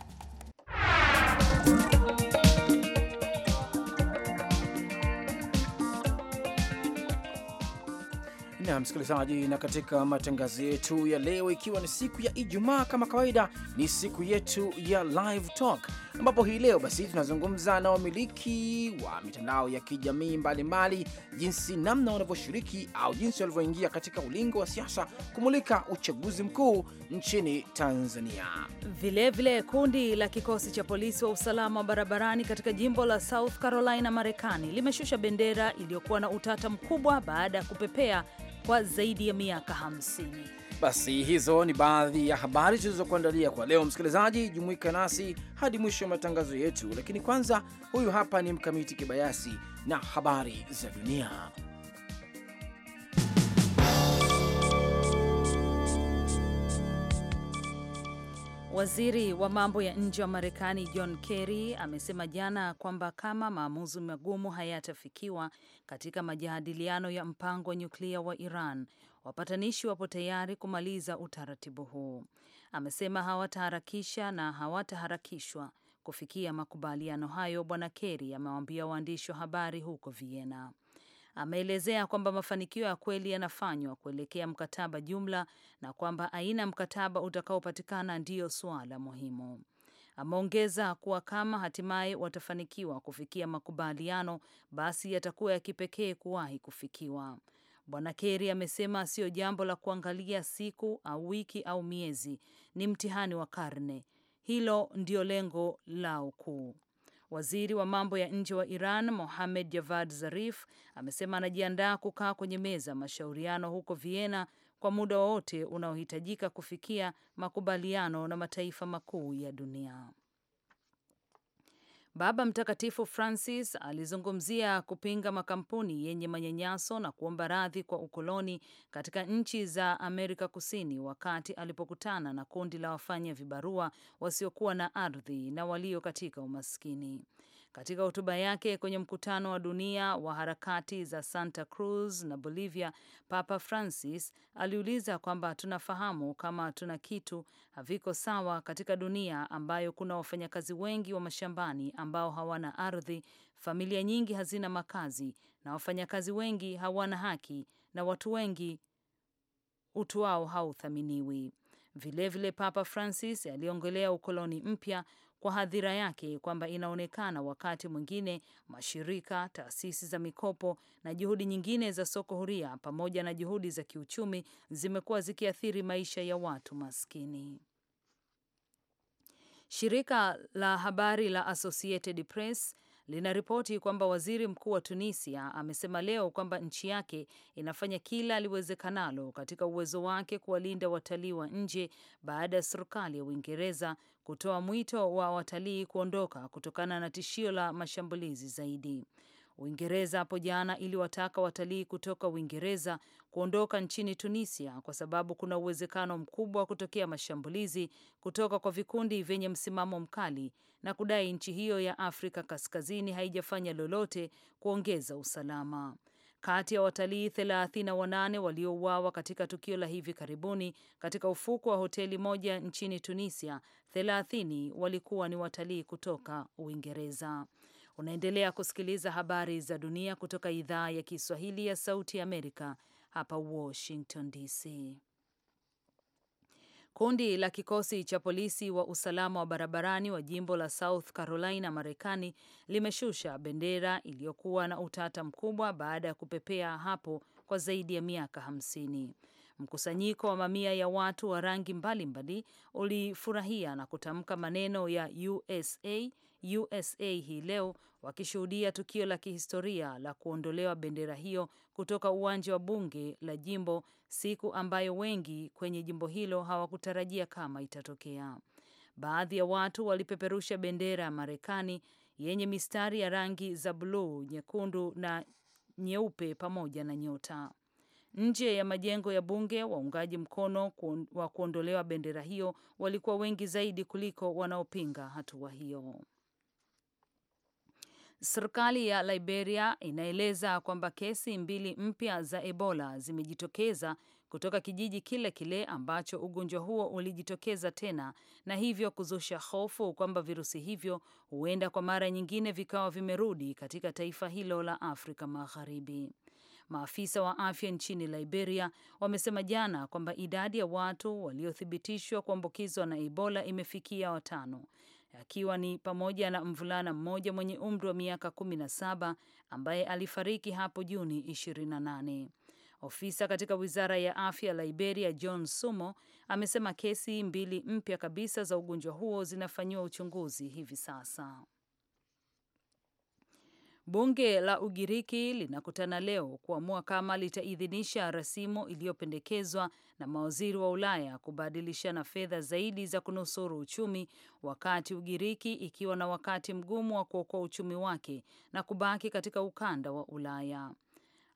na msikilizaji, na katika matangazo yetu ya leo, ikiwa ni siku ya Ijumaa, kama kawaida, ni siku yetu ya live talk ambapo hii leo basi tunazungumza na wamiliki wa mitandao ya kijamii mbalimbali, jinsi namna wanavyoshiriki au jinsi walivyoingia katika ulingo wa siasa kumulika uchaguzi mkuu nchini Tanzania. Vilevile vile, kundi la kikosi cha polisi wa usalama wa barabarani katika jimbo la South Carolina, Marekani limeshusha bendera iliyokuwa na utata mkubwa baada ya kupepea kwa zaidi ya miaka 50. Basi hizo ni baadhi ya habari zilizokuandalia kwa leo. Msikilizaji, jumuika nasi hadi mwisho wa matangazo yetu, lakini kwanza, huyu hapa ni Mkamiti Kibayasi na habari za dunia. Waziri wa mambo ya nje wa Marekani John Kerry amesema jana kwamba kama maamuzi magumu hayatafikiwa katika majadiliano ya mpango wa nyuklia wa Iran, Wapatanishi wapo tayari kumaliza utaratibu huu. Amesema hawataharakisha na hawataharakishwa kufikia makubaliano hayo. Bwana Kerry amewaambia waandishi wa habari huko Vienna. Ameelezea kwamba mafanikio ya kweli yanafanywa kuelekea mkataba jumla na kwamba aina ya mkataba utakaopatikana ndiyo suala muhimu. Ameongeza kuwa kama hatimaye watafanikiwa kufikia makubaliano, basi yatakuwa ya kipekee kuwahi kufikiwa. Bwana Kerry amesema sio jambo la kuangalia siku au wiki au miezi, ni mtihani wa karne. Hilo ndio lengo lao kuu. Waziri wa mambo ya nje wa Iran Mohamed Javad Zarif amesema anajiandaa kukaa kwenye meza mashauriano huko Vienna kwa muda wowote unaohitajika kufikia makubaliano na mataifa makuu ya dunia. Baba Mtakatifu Francis alizungumzia kupinga makampuni yenye manyanyaso na kuomba radhi kwa ukoloni katika nchi za Amerika Kusini wakati alipokutana na kundi la wafanya vibarua wasiokuwa na ardhi na walio katika umaskini. Katika hotuba yake kwenye mkutano wa dunia wa harakati za Santa Cruz na Bolivia, Papa Francis aliuliza kwamba tunafahamu kama tuna kitu haviko sawa katika dunia ambayo kuna wafanyakazi wengi wa mashambani ambao hawana ardhi, familia nyingi hazina makazi, na wafanyakazi wengi hawana haki, na watu wengi utu wao hauthaminiwi. Vilevile Papa Francis aliongelea ukoloni mpya kwa hadhira yake kwamba inaonekana wakati mwingine mashirika, taasisi za mikopo na juhudi nyingine za soko huria pamoja na juhudi za kiuchumi zimekuwa zikiathiri maisha ya watu maskini. Shirika la habari la Associated Press linaripoti kwamba waziri mkuu wa Tunisia amesema leo kwamba nchi yake inafanya kila aliwezekanalo katika uwezo wake kuwalinda watalii wa nje baada ya serikali ya Uingereza kutoa mwito wa watalii kuondoka kutokana na tishio la mashambulizi zaidi. Uingereza hapo jana iliwataka watalii kutoka Uingereza kuondoka nchini Tunisia kwa sababu kuna uwezekano mkubwa wa kutokea mashambulizi kutoka kwa vikundi vyenye msimamo mkali na kudai nchi hiyo ya Afrika Kaskazini haijafanya lolote kuongeza usalama. Kati ya watalii 38 waliouawa katika tukio la hivi karibuni katika ufuko wa hoteli moja nchini Tunisia, 30 walikuwa ni watalii kutoka Uingereza. Unaendelea kusikiliza habari za dunia kutoka idhaa ya Kiswahili ya Sauti ya Amerika hapa Washington DC. Kundi la kikosi cha polisi wa usalama wa barabarani wa jimbo la South Carolina, Marekani, limeshusha bendera iliyokuwa na utata mkubwa baada ya kupepea hapo kwa zaidi ya miaka hamsini. Mkusanyiko wa mamia ya watu wa rangi mbalimbali ulifurahia na kutamka maneno ya USA USA hii leo wakishuhudia tukio la kihistoria la kuondolewa bendera hiyo kutoka uwanja wa bunge la jimbo, siku ambayo wengi kwenye jimbo hilo hawakutarajia kama itatokea. Baadhi ya watu walipeperusha bendera ya Marekani yenye mistari ya rangi za bluu, nyekundu na nyeupe pamoja na nyota. Nje ya majengo ya bunge, waungaji mkono wa kuondolewa bendera hiyo walikuwa wengi zaidi kuliko wanaopinga hatua wa hiyo. Serikali ya Liberia inaeleza kwamba kesi mbili mpya za Ebola zimejitokeza kutoka kijiji kile kile ambacho ugonjwa huo ulijitokeza tena, na hivyo kuzusha hofu kwamba virusi hivyo huenda kwa mara nyingine vikawa vimerudi katika taifa hilo la Afrika Magharibi. Maafisa wa afya nchini Liberia wamesema jana kwamba idadi ya watu waliothibitishwa kuambukizwa na Ebola imefikia watano akiwa ni pamoja na mvulana mmoja mwenye umri wa miaka 17 ambaye alifariki hapo Juni 28. Ofisa katika wizara ya afya Liberia, John Sumo, amesema kesi mbili mpya kabisa za ugonjwa huo zinafanyiwa uchunguzi hivi sasa. Bunge la Ugiriki linakutana leo kuamua kama litaidhinisha rasimu iliyopendekezwa na mawaziri wa Ulaya kubadilishana fedha zaidi za kunusuru uchumi, wakati Ugiriki ikiwa na wakati mgumu wa kuokoa uchumi wake na kubaki katika ukanda wa Ulaya.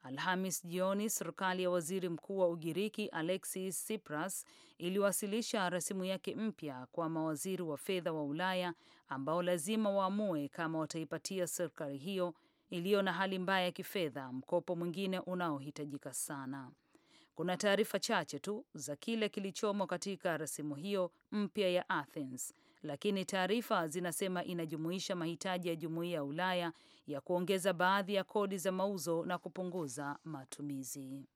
Alhamis jioni serikali ya waziri mkuu wa Ugiriki Alexis Tsipras iliwasilisha rasimu yake mpya kwa mawaziri wa fedha wa Ulaya ambao lazima waamue kama wataipatia serikali hiyo iliyo na hali mbaya ya kifedha mkopo mwingine unaohitajika sana. Kuna taarifa chache tu za kile kilichomo katika rasimu hiyo mpya ya Athens lakini taarifa zinasema inajumuisha mahitaji ya jumuiya ya Ulaya ya kuongeza baadhi ya kodi za mauzo na kupunguza matumizi.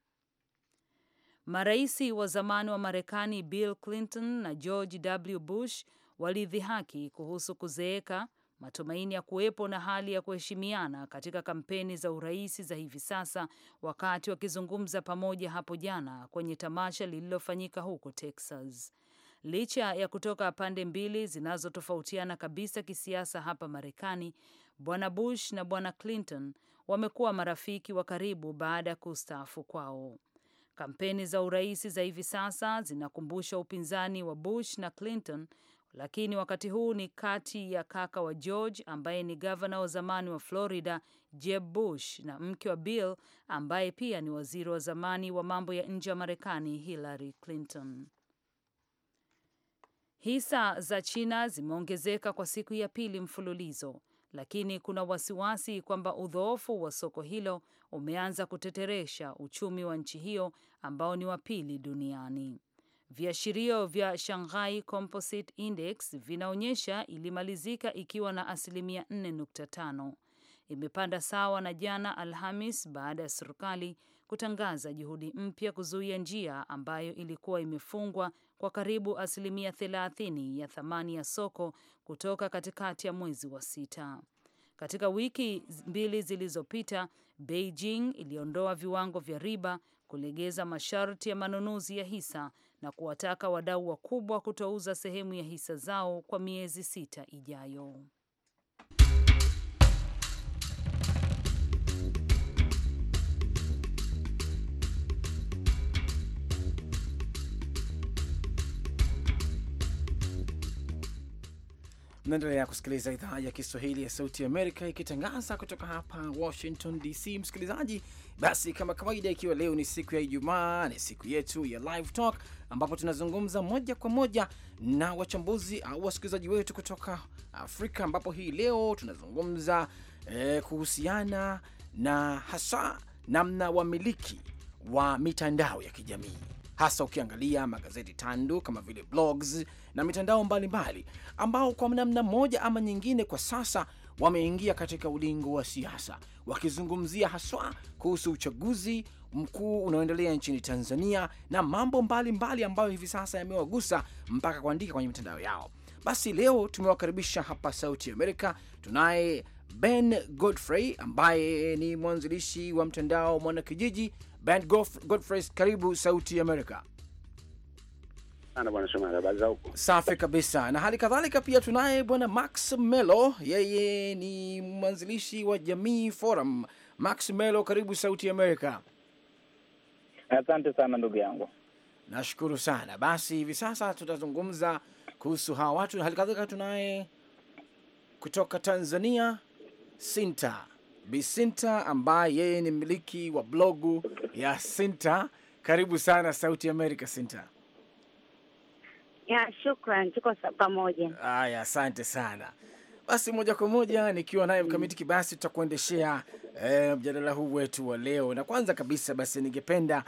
Maraisi wa zamani wa Marekani Bill Clinton na George W. Bush walidhihaki kuhusu kuzeeka, matumaini ya kuwepo na hali ya kuheshimiana katika kampeni za urais za hivi sasa, wakati wakizungumza pamoja hapo jana kwenye tamasha lililofanyika huko Texas. Licha ya kutoka pande mbili zinazotofautiana kabisa kisiasa hapa Marekani, Bwana Bush na Bwana Clinton wamekuwa marafiki wa karibu baada ya kustaafu kwao. Kampeni za urais za hivi sasa zinakumbusha upinzani wa Bush na Clinton, lakini wakati huu ni kati ya kaka wa George ambaye ni gavana wa zamani wa Florida Jeb Bush na mke wa Bill ambaye pia ni waziri wa zamani wa mambo ya nje ya Marekani Hillary Clinton. Hisa za China zimeongezeka kwa siku ya pili mfululizo, lakini kuna wasiwasi kwamba udhoofu wa soko hilo umeanza kuteteresha uchumi wa nchi hiyo ambao ni wa pili duniani. Viashirio vya Shanghai Composite Index vinaonyesha ilimalizika ikiwa na asilimia 4.5, imepanda sawa na jana Alhamis baada ya serikali kutangaza juhudi mpya kuzuia njia ambayo ilikuwa imefungwa kwa karibu asilimia thelathini ya thamani ya soko kutoka katikati ya mwezi wa sita. Katika wiki mbili zilizopita, Beijing iliondoa viwango vya riba, kulegeza masharti ya manunuzi ya hisa na kuwataka wadau wakubwa kutouza sehemu ya hisa zao kwa miezi sita ijayo. Naendelea kusikiliza idhaa ya Kiswahili ya Sauti Amerika ikitangaza kutoka hapa Washington DC. Msikilizaji, basi kama kawaida, ikiwa leo ni siku ya Ijumaa, ni siku yetu ya Live Talk ambapo tunazungumza moja kwa moja na wachambuzi au wasikilizaji wetu kutoka Afrika, ambapo hii leo tunazungumza eh, kuhusiana na hasa namna wamiliki wa mitandao ya kijamii hasa ukiangalia magazeti tandu kama vile blogs na mitandao mbalimbali mbali, ambao kwa namna moja ama nyingine kwa sasa wameingia katika ulingo wa siasa wakizungumzia haswa kuhusu uchaguzi mkuu unaoendelea nchini Tanzania na mambo mbalimbali mbali ambayo hivi sasa yamewagusa mpaka kuandika kwenye mitandao yao. Basi leo tumewakaribisha hapa Sauti ya Amerika. Tunaye Ben Godfrey ambaye ni mwanzilishi wa mtandao Mwanakijiji Band Godfrey, karibu Sauti Amerika. Safi kabisa, na hali kadhalika pia tunaye bwana Max Melo, yeye ni mwanzilishi wa Jamii Forum. Max Melo, karibu Sauti Amerika. Asante sana ndugu yangu, nashukuru sana. Basi hivi sasa tutazungumza kuhusu hawa watu, na hali kadhalika tunaye kutoka Tanzania Sinta Bisinta ambaye yeye ni mmiliki wa blogu ya Sinta. Karibu sana Sauti America, Sinta. shukran, tuko pamoja. Haya, asante sana. Basi moja kwa moja nikiwa naye mkamiti Kibasi, tutakuendeshea eh, mjadala huu wetu wa leo, na kwanza kabisa basi ningependa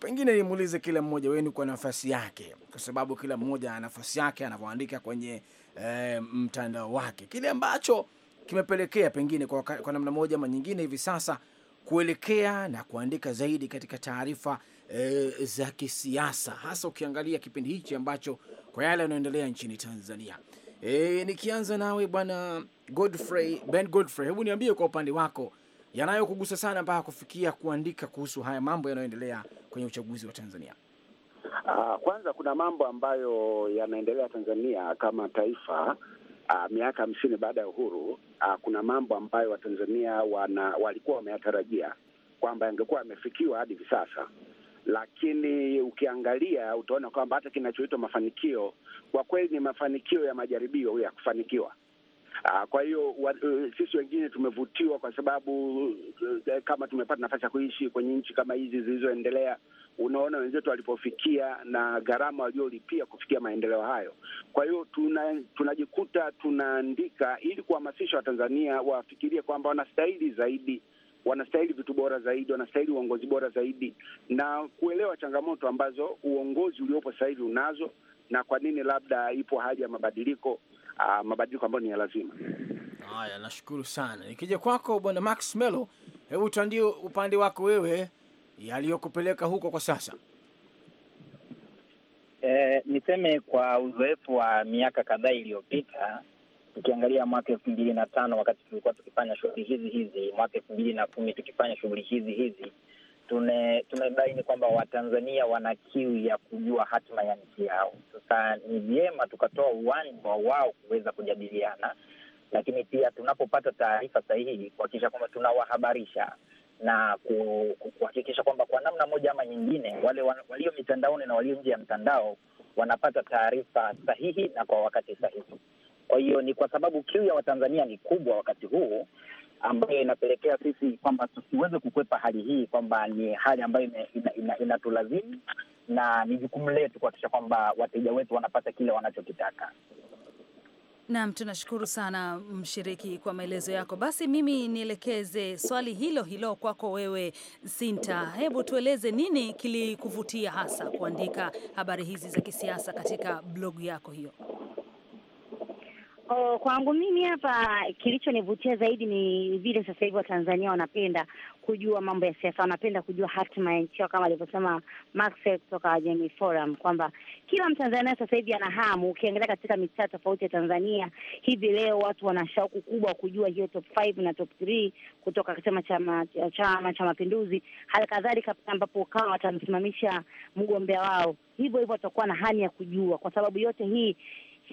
pengine nimuulize kila mmoja wenu kwa nafasi yake, kwa sababu kila mmoja ana nafasi yake anavyoandika kwenye eh, mtandao wake, kile ambacho kimepelekea pengine kwa, kwa namna moja ama nyingine hivi sasa kuelekea na kuandika zaidi katika taarifa e, za kisiasa, hasa ukiangalia kipindi hichi ambacho kwa yale yanayoendelea nchini Tanzania. E, nikianza nawe bwana Godfrey, Ben Godfrey, hebu niambie kwa upande wako yanayokugusa sana mpaka kufikia kuandika kuhusu haya mambo yanayoendelea kwenye uchaguzi wa Tanzania. Uh, kwanza kuna mambo ambayo yanaendelea Tanzania kama taifa uh, miaka hamsini baada ya uhuru uh, kuna mambo ambayo Watanzania wana, walikuwa wameyatarajia kwamba yangekuwa yamefikiwa hadi hivi sasa, lakini ukiangalia utaona kwamba hata kinachoitwa mafanikio kwa kweli ni mafanikio ya majaribio ya kufanikiwa. Uh, kwa hiyo uh, sisi wengine tumevutiwa kwa sababu uh, kama tumepata nafasi ya kuishi kwenye nchi kama hizi zilizoendelea unaona wenzetu walipofikia na gharama waliolipia kufikia maendeleo hayo. Kwa hiyo tunajikuta tuna tunaandika ili kuhamasisha Watanzania wafikirie kwamba wanastahili zaidi, wanastahili vitu bora zaidi, wanastahili uongozi bora zaidi, na kuelewa changamoto ambazo uongozi uliopo sasa hivi unazo na kwa nini labda ipo hali ya mabadiliko aa, ah, mabadiliko ambayo ni ya lazima. Haya, nashukuru sana. Nikija kwako Bwana Max Melo, hebu tuandie upande wako wewe yaliyokupeleka huko kwa sasa? E, niseme kwa uzoefu wa miaka kadhaa iliyopita, tukiangalia mwaka elfu mbili na tano wakati tulikuwa tukifanya shughuli hizi hizi, mwaka elfu mbili na kumi tukifanya shughuli hizi hizi, tumebaini kwamba Watanzania wana kiu ya kujua hatima ya nchi yao. Sasa ni vyema tukatoa uwanja wao kuweza kujadiliana, lakini pia tunapopata taarifa sahihi kuhakikisha kwamba tunawahabarisha na kuhakikisha kwamba kwa namna moja ama nyingine wale walio mitandaoni na walio nje ya mtandao wanapata taarifa sahihi na kwa wakati sahihi. Kwa hiyo ni kwa sababu kiu ya Watanzania ni kubwa wakati huu, ambayo inapelekea sisi kwamba tusiweze kukwepa hali hii, kwamba ni hali ambayo inatulazimu ina, ina, ina na ni jukumu letu kuhakikisha kwamba wateja wetu wanapata kile wanachokitaka. Naam, tunashukuru sana mshiriki kwa maelezo yako. Basi mimi nielekeze swali hilo hilo kwako wewe Sinta. Hebu tueleze nini kilikuvutia hasa kuandika habari hizi za kisiasa katika blogu yako hiyo? Oh, kwangu mimi hapa kilichonivutia zaidi ni vile sasa hivi Watanzania wanapenda kujua mambo ya siasa, wanapenda kujua hatima ya nchi yao, kama alivyosema Max kutoka Jamii Forum kwamba kila Mtanzania sasa hivi ana hamu. Ukiangalia katika mitaa tofauti ya Tanzania hivi leo, watu wana shauku kubwa kujua hiyo top 5 na top 3 kutoka chama cha Mapinduzi, hali kadhalika ambapo kama watamsimamisha mgombea wao, hivyo hivyo watakuwa na hali ya kujua, kwa sababu yote hii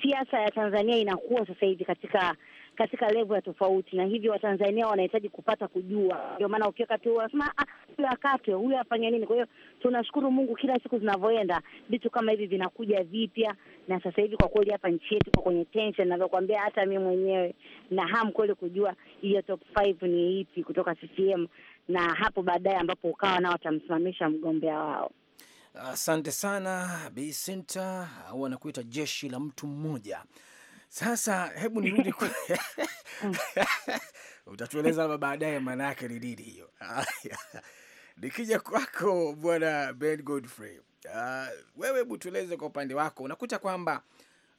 siasa ya Tanzania inakuwa sasa hivi katika katika level ya tofauti, na hivyo Watanzania wanahitaji kupata kujua. Ndio maana ukiweka tu wanasema ah, huyo akatwe, huyo afanye nini. Kwa hiyo tunashukuru Mungu, kila siku zinavyoenda vitu kama hivi vinakuja vipya, na sasa hivi kwa kweli hapa nchi yetu kwa kwenye tension, navyokwambia hata mi mwenyewe na ham kweli kujua hiyo top 5 ni ipi kutoka CCM, na hapo baadaye ambapo ukawa nao watamsimamisha mgombea wao. Asante sana Bisinta, au anakuita jeshi la mtu mmoja. Sasa hebu nirudi ku... Mm. utatueleza labda baadaye maana yake ni nini hiyo. Nikija kwako bwana Ben Godfrey, uh, wewe hebu tueleze kwa upande wako, unakuta kwamba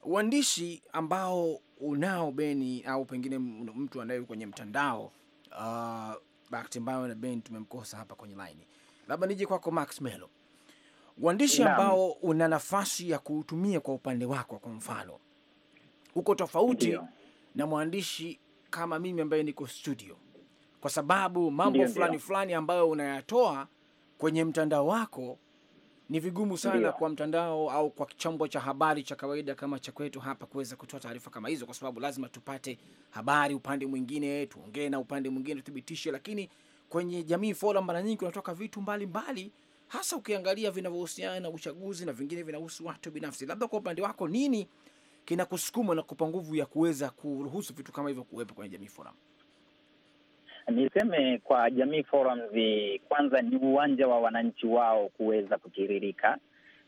uandishi ambao unao Beni au pengine mtu anaye kwenye mtandao uh, bahati mbaya na Ben tumemkosa hapa kwenye laini, labda nije kwako Max Melo uandishi ambao una nafasi ya kuutumia kwa upande wako, kwa mfano uko tofauti Ndiyo. na mwandishi kama mimi ambaye niko studio, kwa sababu mambo Ndiyo. fulani fulani ambayo unayatoa kwenye mtandao wako ni vigumu sana Ndiyo. kwa mtandao au kwa chombo cha habari cha kawaida kama cha kwetu hapa kuweza kutoa taarifa kama hizo, kwa sababu lazima tupate habari upande mwingine, tuongee na upande mwingine tuthibitishe. Lakini kwenye Jamii Forum mara nyingi unatoka vitu mbalimbali mbali, hasa ukiangalia vinavyohusiana na uchaguzi na vingine vinahusu watu binafsi. Labda kwa upande wako, nini kinakusukuma na kupa nguvu ya kuweza kuruhusu vitu kama hivyo kuwepo kwenye Jamii Forum? Niseme kwa Jamii Forum, kwanza ni uwanja wa wananchi wao kuweza kutiririka,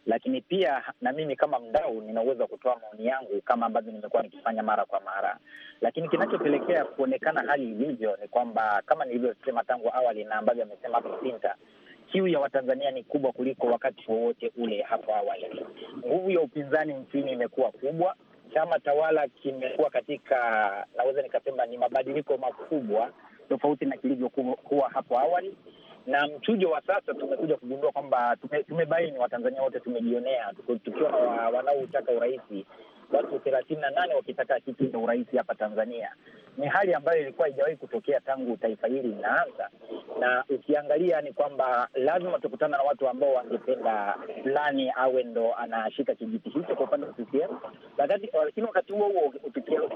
lakini pia na mimi kama mdau wa kutoa maoni yangu kama ambavyo nimekuwa nikifanya mara kwa mara, lakini kinachopelekea kuonekana hali ilivyo ni kwamba kama nilivyosema tangu awali na ambavyo amesema Pinta, kiu ya Watanzania ni kubwa kuliko wakati wowote ule hapo awali. Nguvu ya upinzani nchini imekuwa kubwa. Chama tawala kimekuwa katika, naweza nikasema ni mabadiliko makubwa, tofauti na kilivyokuwa hapo awali na mchujo wa sasa tumekuja kugundua kwamba tumebaini, tume Watanzania wote tumejionea, tukiwa na wanaotaka urais watu thelathini na nane wakitaka kiti cha urais hapa Tanzania. Ni hali ambayo ilikuwa haijawahi kutokea tangu taifa hili linaanza, na ukiangalia ni kwamba lazima tukutana na watu ambao wangependa fulani awe ndo anashika kijiti hicho kwa upande wa CCM, uh, lakini wakati huo huo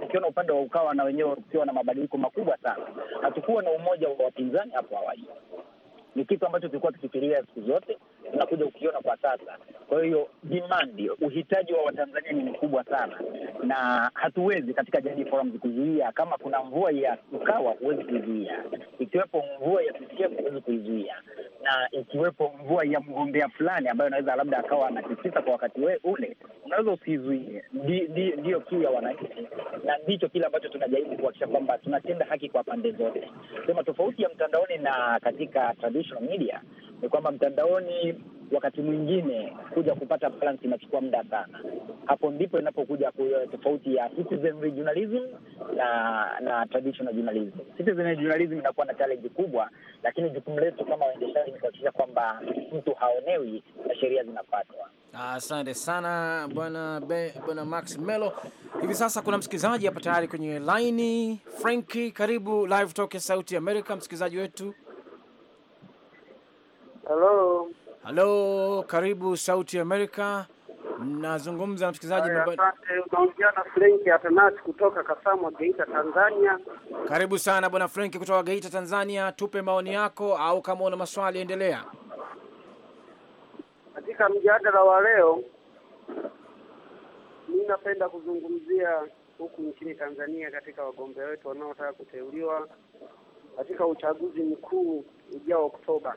ukiona upande wa Ukawa na wenyewe ukiwa na mabadiliko makubwa sana. Hatukuwa na umoja wa wapinzani hapo awali ni kitu ambacho tulikuwa tukifikiria siku zote, tunakuja ukiona kwa sasa. Kwa hiyo demand, uhitaji wa Watanzania ni mkubwa sana, na hatuwezi katika Jadi Forums kuzuia. Kama kuna mvua ya UKAWA huwezi kuizuia, ikiwepo mvua ya CCM huwezi kuizuia, na ikiwepo mvua ya mgombea fulani ambayo anaweza labda akawa anatikisa kwa wakati we, ule unaweza usiizuie. Ndiyo kiu ya wananchi, na ndicho kile ambacho tunajaribu kuhakikisha kwamba tunatenda haki kwa pande zote, sema tofauti ya mtandaoni na katika traditional media ni kwamba mtandaoni, wakati mwingine kuja kupata balance inachukua muda sana. Hapo ndipo inapokuja tofauti ya citizen journalism na na traditional journalism. Citizen journalism inakuwa na challenge kubwa, lakini jukumu letu kama waendeshaji ni kuhakikisha kwamba mtu haonewi na sheria zinafuatwa. Asante sana bwana bwana Max Melo. Hivi sasa kuna msikilizaji hapa tayari kwenye laini. Franki, karibu Live Talk ya Sauti Amerika, msikilizaji wetu Halo, Hello, karibu Sauti Amerika. Nazungumza na msikilizaji Frank Athanas kutoka Kasamwa, Geita, Tanzania. Karibu sana bwana Frank kutoka Geita, Tanzania. Tupe maoni yako, au kama una maswali endelea. Katika mjadala wa leo, mimi napenda kuzungumzia huku nchini Tanzania, katika wagombea wetu wanaotaka kuteuliwa katika uchaguzi mkuu ujao Oktoba.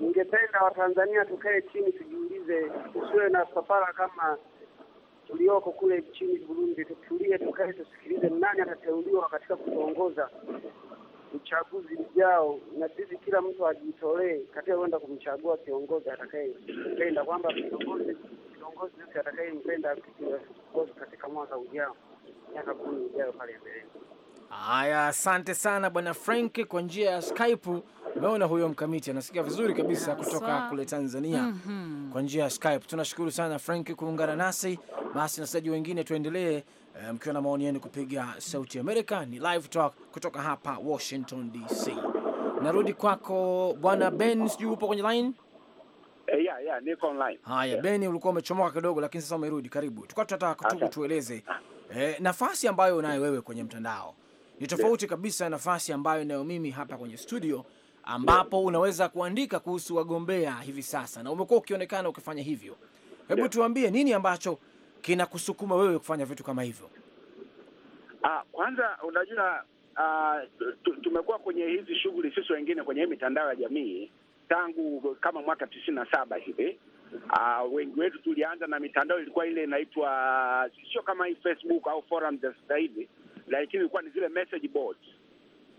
Ningependa Watanzania tukae chini tujiulize, tusiwe na papara kama tulioko kule chini Burundi. Tutulie, tukae, tusikilize nani atateuliwa katika kutuongoza uchaguzi ujao, na sisi kila mtu ajitolee katika kwenda kumchagua kiongozi atakayempenda, kwamba kiongozi kiongozi yote atakayempenda katika mwaka ujao, miaka kumi ujao pale mbeleni. Haya, asante sana Bwana Frank kwa njia ya Skype. Umeona huyo mkamiti anasikia vizuri kabisa kutoka kule Tanzania mm -hmm. kwa njia ya Skype. Tunashukuru sana Frank kuungana nasi, basi na wasaji wengine tuendelee eh, mkiwa um, na maoni yenu kupiga Sauti Amerika. Ni live talk kutoka hapa Washington DC. Narudi kwako bwana Ben, sijui upo kwenye line? eh? yeah, yeah, niko online. Haya, yeah. Ben, ulikuwa umechomoka kidogo lakini sasa umerudi, karibu. Tulikuwa tunataka okay. tueleze eh, nafasi ambayo unayo wewe kwenye mtandao ni tofauti yeah. kabisa nafasi ambayo nayo mimi hapa kwenye studio ambapo unaweza kuandika kuhusu wagombea hivi sasa, na umekuwa ukionekana ukifanya hivyo. Hebu tuambie nini ambacho kinakusukuma wewe kufanya vitu kama hivyo? Ah, kwanza unajua ah, tumekuwa kwenye hizi shughuli sisi wengine kwenye hii mitandao ya jamii tangu kama mwaka tisini na saba hivi. Uh, wengi wetu tulianza na mitandao ilikuwa ile inaitwa sio kama hii Facebook au forum za sasa hivi, lakini ilikuwa ni zile message boards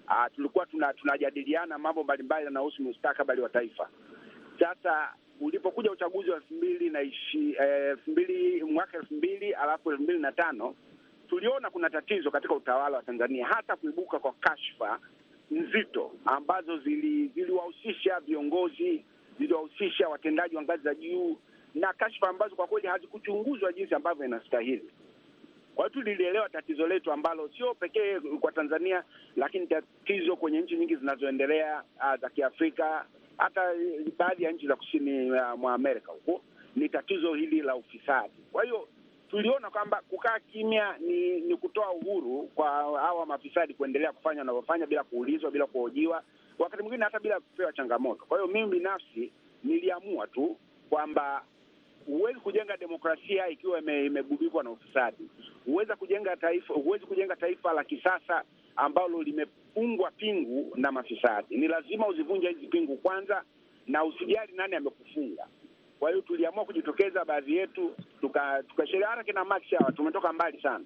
uh, tulikuwa tuna, tunajadiliana mambo mbalimbali yanayohusu mustakabali wa taifa. Sasa ulipokuja uchaguzi wa elfu mbili na ishi eh, elfu mbili mwaka elfu mbili alafu elfu mbili na tano tuliona kuna tatizo katika utawala wa Tanzania, hata kuibuka kwa kashfa nzito ambazo ziliwahusisha zili viongozi ziliwahusisha watendaji wa ngazi za juu na kashfa ambazo kwa kweli hazikuchunguzwa jinsi ambavyo inastahili. Kwa hiyo tulielewa tatizo letu ambalo sio pekee kwa Tanzania, lakini tatizo kwenye nchi nyingi zinazoendelea ah, za Kiafrika, hata baadhi ya nchi za kusini ah, mwa Amerika huko, ni tatizo hili la ufisadi. Kwa hiyo tuliona kwamba kukaa kimya ni, ni kutoa uhuru kwa hawa mafisadi kuendelea kufanya wanavyofanya bila kuulizwa, bila kuhojiwa, wakati mwingine hata bila kupewa changamoto. Kwa hiyo mimi binafsi niliamua tu kwamba huwezi kujenga demokrasia ikiwa imegubikwa na ufisadi. Huwezi kujenga taifa, huwezi kujenga taifa la kisasa ambalo limefungwa pingu na mafisadi. Ni lazima uzivunja hizi pingu kwanza, na usijali nani amekufunga. Kwa hiyo tuliamua kujitokeza baadhi yetu tukasheria. Hata kina Max hawa tumetoka mbali sana,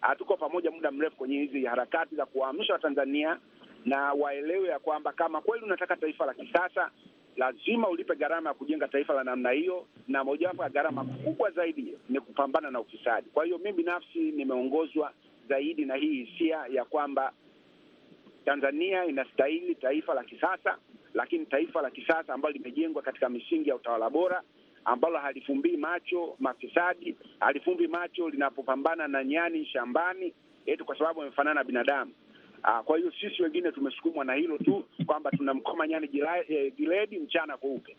hatuko pamoja muda mrefu kwenye hizi harakati za kuwaamsha Watanzania na waelewe ya kwamba kama kweli unataka taifa la kisasa lazima ulipe gharama ya kujenga taifa la namna hiyo, na mojawapo ya gharama kubwa zaidi ni kupambana na ufisadi. Kwa hiyo mi binafsi nimeongozwa zaidi na hii hisia ya kwamba Tanzania inastahili taifa la kisasa, lakini taifa la kisasa ambalo limejengwa katika misingi ya utawala bora, ambalo halifumbii macho mafisadi, halifumbi macho linapopambana na nyani shambani, eti kwa sababu amefanana na binadamu. Aa, ah, kwa hiyo sisi wengine tumesukumwa na hilo tu kwamba tunamkoma nyani eh, giledi mchana kweupe.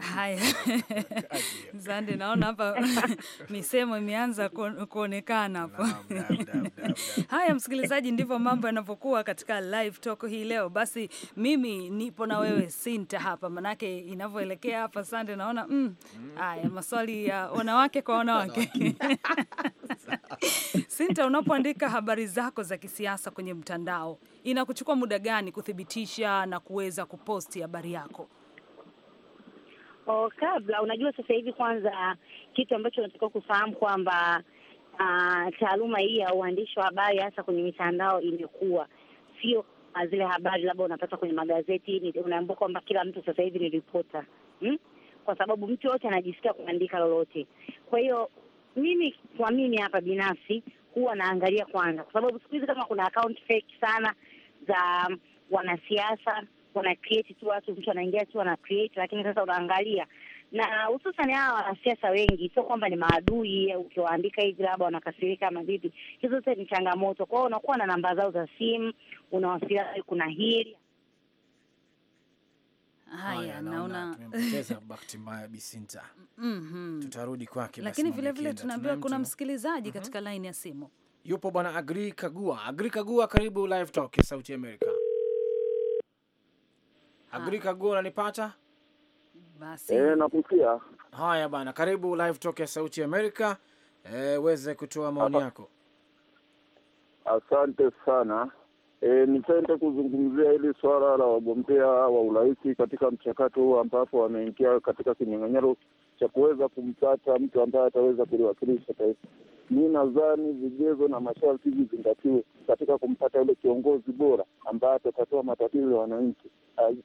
Haya, Zande, naona hapa misemo imeanza kuonekana hapo. Haya, msikilizaji, ndivyo mambo yanavyokuwa katika live talk hii leo. Basi mimi nipo na wewe Sinta hapa, manake inavyoelekea hapa Sande, naona mm. mm. Haya, maswali ya wanawake kwa wanawake Sinta, unapoandika habari zako za kisiasa kwenye mtandao, inakuchukua muda gani kuthibitisha na kuweza kuposti habari yako? Oh, kabla unajua, sasa hivi kwanza kitu ambacho unatakiwa kufahamu kwamba uh, taaluma hii ya uandishi wa habari hasa kwenye mitandao imekuwa sio ah, zile habari labda unapata kwenye magazeti, unaambua kwamba kila mtu sasa hivi ni ripota hmm? Kwa sababu mtu yote anajisikia kuandika lolote. Kwa hiyo mimi kwa mimi hapa binafsi huwa naangalia kwanza, kwa sababu siku hizi kama kuna account fake sana za um, wanasiasa wana create tu watu, mtu anaingia tu ana create, lakini sasa unaangalia na hususan hawa wanasiasa wengi, sio kwamba ni maadui. Ukiwaandika hivi labda wanakasirika ama vipi, hizo zote ni changamoto kwao. Unakuwa na namba zao za simu, unawasiliana, kuna hili Haya, naona tumempoteza Bahati Mbaya Bisinta. Mhm. Tutarudi kwake, lakini vilevile tunaambiwa kuna msikilizaji mhm. katika laini ya simu yupo Bwana Agri Kagua. Agri Kagua, karibu Live Talk ya Sauti Amerika. Agrika Go, unanipata? Basi. E, nakusikia. Haya bana, karibu live talk ya Sauti Amerika. E, kutoa maoni yako. Asante sana. E, nipende kuzungumzia hili swala la wagombea wa urais katika mchakato huu ambapo wameingia katika kinyang'anyiro cha kuweza kumpata mtu ambaye ataweza kuliwakilisha taifa Mi nadhani vigezo na masharti vizingatiwe katika kumpata yule kiongozi bora ambaye atatatua matatizo ya wananchi.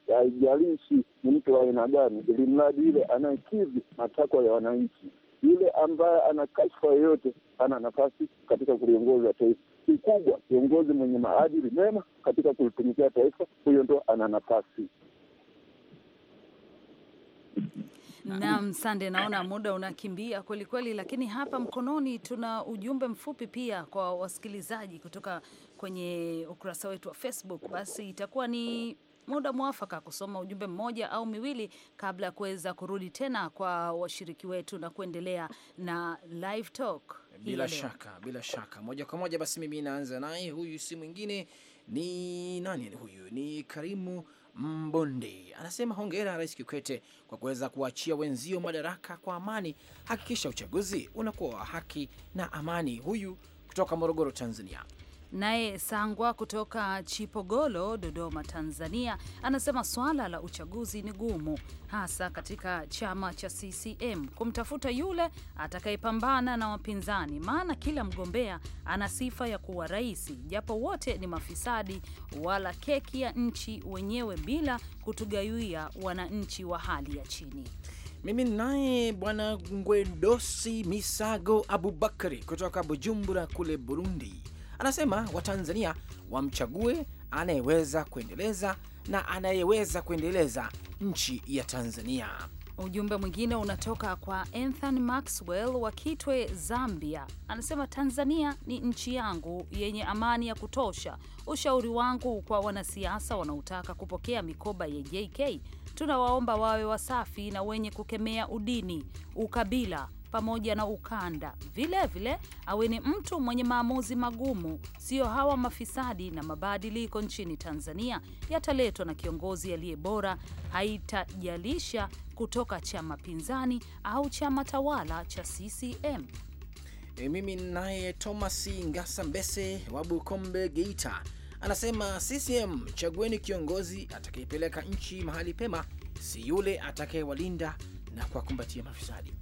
Haijalishi ni mtu wa aina gani, ili mradi yule anayekidhi matakwa ya wananchi. Yule ambaye ana kashfa yoyote ana nafasi katika kuliongoza taifa. Kikubwa kiongozi mwenye maadili mema katika kulitumikia taifa, huyo ndo ana nafasi. Naam, Sande, naona muda unakimbia kweli kweli, lakini hapa mkononi tuna ujumbe mfupi pia kwa wasikilizaji kutoka kwenye ukurasa wetu wa Facebook. Basi itakuwa ni muda mwafaka kusoma ujumbe mmoja au miwili kabla ya kuweza kurudi tena kwa washiriki wetu na kuendelea na live talk. Bila shaka, bila shaka, moja kwa moja. Basi mimi naanza naye, huyu si mwingine ni nani? Huyu ni Karimu mbundi anasema hongera Rais Kikwete kwa kuweza kuachia wenzio madaraka kwa amani. Hakikisha uchaguzi unakuwa wa haki na amani. Huyu kutoka Morogoro, Tanzania. Naye Sangwa kutoka Chipogolo, Dodoma, Tanzania, anasema swala la uchaguzi ni gumu, hasa katika chama cha CCM kumtafuta yule atakayepambana na wapinzani, maana kila mgombea ana sifa ya kuwa rais, japo wote ni mafisadi, wala keki ya nchi wenyewe, bila kutugawia wananchi wa hali ya chini. Mimi naye Bwana Ngwedosi Misago Abubakari kutoka Bujumbura kule Burundi Anasema Watanzania wamchague anayeweza kuendeleza na anayeweza kuendeleza nchi ya Tanzania. Ujumbe mwingine unatoka kwa Anthony Maxwell wa Kitwe, Zambia. Anasema Tanzania ni nchi yangu yenye amani ya kutosha. Ushauri wangu kwa wanasiasa wanaotaka kupokea mikoba ya JK, tunawaomba wawe wasafi na wenye kukemea udini, ukabila pamoja na ukanda. Vilevile vile, awe ni mtu mwenye maamuzi magumu, siyo hawa mafisadi. Na mabadiliko nchini Tanzania yataletwa na kiongozi aliye bora, haitajalisha kutoka chama pinzani au chama tawala cha CCM. E, mimi naye Thomas Ngasa Mbese wa Bukombe, Geita anasema CCM chagueni kiongozi atakayepeleka nchi mahali pema, si yule atakayewalinda na kuwakumbatia mafisadi.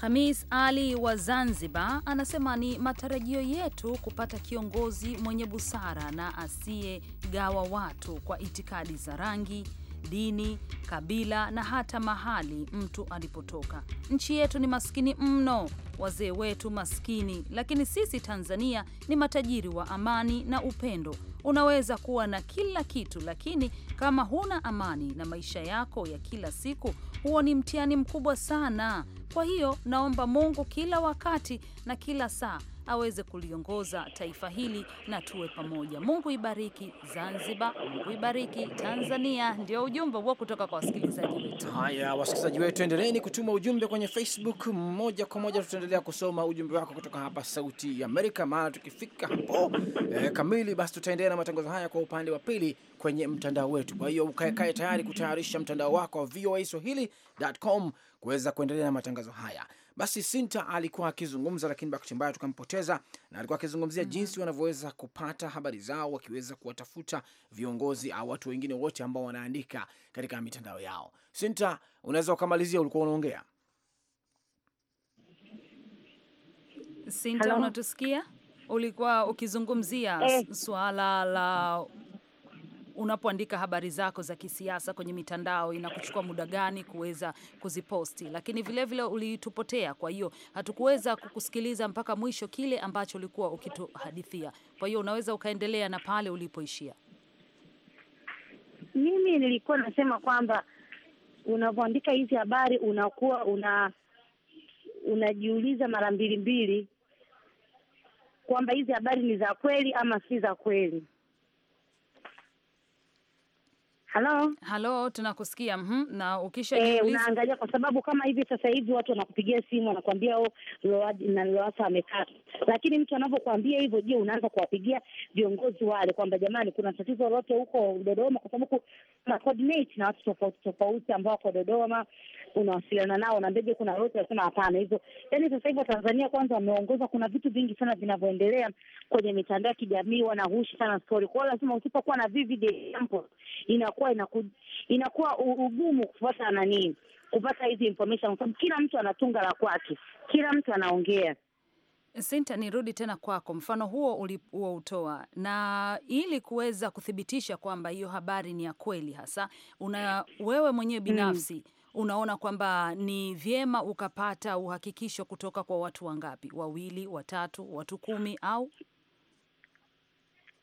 Hamis Ali wa Zanzibar anasema ni matarajio yetu kupata kiongozi mwenye busara na asiyegawa watu kwa itikadi za rangi, dini, kabila na hata mahali mtu alipotoka. Nchi yetu ni maskini mno, wazee wetu maskini, lakini sisi Tanzania ni matajiri wa amani na upendo. Unaweza kuwa na kila kitu, lakini kama huna amani na maisha yako ya kila siku, huo ni mtihani mkubwa sana. Kwa hiyo naomba Mungu kila wakati na kila saa aweze kuliongoza taifa hili na tuwe pamoja. Mungu ibariki Zanzibar, Mungu ibariki Tanzania. Ndio ujumbe huo kutoka kwa wasikilizaji wetu. Haya, wasikilizaji wetu, endeleeni kutuma ujumbe kwenye Facebook moja kwa moja, tutaendelea kusoma ujumbe wako kutoka hapa Sauti ya Amerika, maana tukifika hapo eh, kamili, basi tutaendelea na matangazo haya kwa upande wa pili kwenye mtandao wetu. Kwa hiyo ukaekae tayari kutayarisha mtandao wako wa voa swahili.com kuweza kuendelea na matangazo haya. Basi Sinta alikuwa akizungumza, lakini bahati mbaya tukampoteza, na alikuwa akizungumzia mm -hmm. jinsi wanavyoweza kupata habari zao wakiweza kuwatafuta viongozi au watu wengine wote ambao wanaandika katika mitandao yao. Sinta, unaweza ukamalizia, ulikuwa unaongea. Sinta, unatusikia? Ulikuwa ukizungumzia eh, suala la unapoandika habari zako za kisiasa kwenye mitandao inakuchukua muda gani kuweza kuziposti, lakini vilevile ulitupotea. Kwa hiyo hatukuweza kukusikiliza mpaka mwisho kile ambacho ulikuwa ukituhadithia. Kwa hiyo unaweza ukaendelea na pale ulipoishia. Mimi nilikuwa nasema kwamba unapoandika hizi habari unakuwa una unajiuliza mara mbili mbili kwamba hizi habari ni za kweli ama si za kweli. Halo, halo, tunakusikia. mm -hmm. Na ukisha e, unaangalia kwa sababu kama hivi sasa hivi watu wanakupigia simu wanakuambia oh, na Lowassa amekata, lakini mtu anavyokuambia hivyo, je, unaanza kuwapigia viongozi wale kwamba jamani, kuna tatizo lolote huko Dodoma? Kwa sababu kuna coordinate na watu tofauti tofauti ambao wako Dodoma, unawasiliana nao, na ndege, kuna lolote? Wanasema hapana. Hizo yani sasa hivi Tanzania kwanza wameongoza, kuna vitu vingi sana vinavyoendelea kwenye mitandao ya kijamii, wanahushi sana story Kwa hiyo Lazima usipokuwa na vivid example inakuwa inakuwa inaku, inakuwa ugumu kupata nani, kupata hizi information, kwa sababu kila mtu anatunga la kwake, kila mtu anaongea. Sinta, nirudi tena kwako. Mfano huo ulioutoa, na ili kuweza kuthibitisha kwamba hiyo habari ni ya kweli hasa, una wewe mwenyewe hmm. binafsi mm, unaona kwamba ni vyema ukapata uhakikisho kutoka kwa watu wangapi? Wawili, watatu, watu kumi au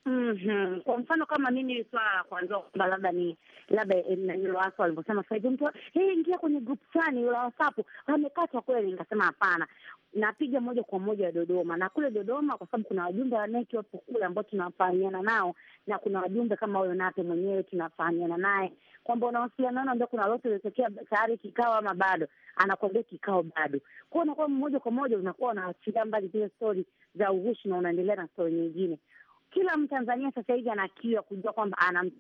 Mm -hmm. Kwa mfano kama mimi swala kuanzia kwamba labda ni labda hilo eh, walivyosema sasa hivi mtu hey, ingia kwenye group fulani la WhatsApp amekatwa kweli, nikasema hapana, napiga moja kwa moja Dodoma na kule Dodoma, kwa sababu kuna wajumbe wa NEC wapo kule ambao tunafahamiana nao na kuna wajumbe kama huyo Nape mwenyewe tunafahamiana naye kwamba unawasiliana nao, ndio kuna lote lilitokea tayari kikao ama bado, anakwambia kikao bado. Kwa unakuwa moja kwa moja unakuwa unaachilia mbali zile stori za ugushi na unaendelea na stori nyingine kila Mtanzania sasa hivi ana kiu ya kujua kwamba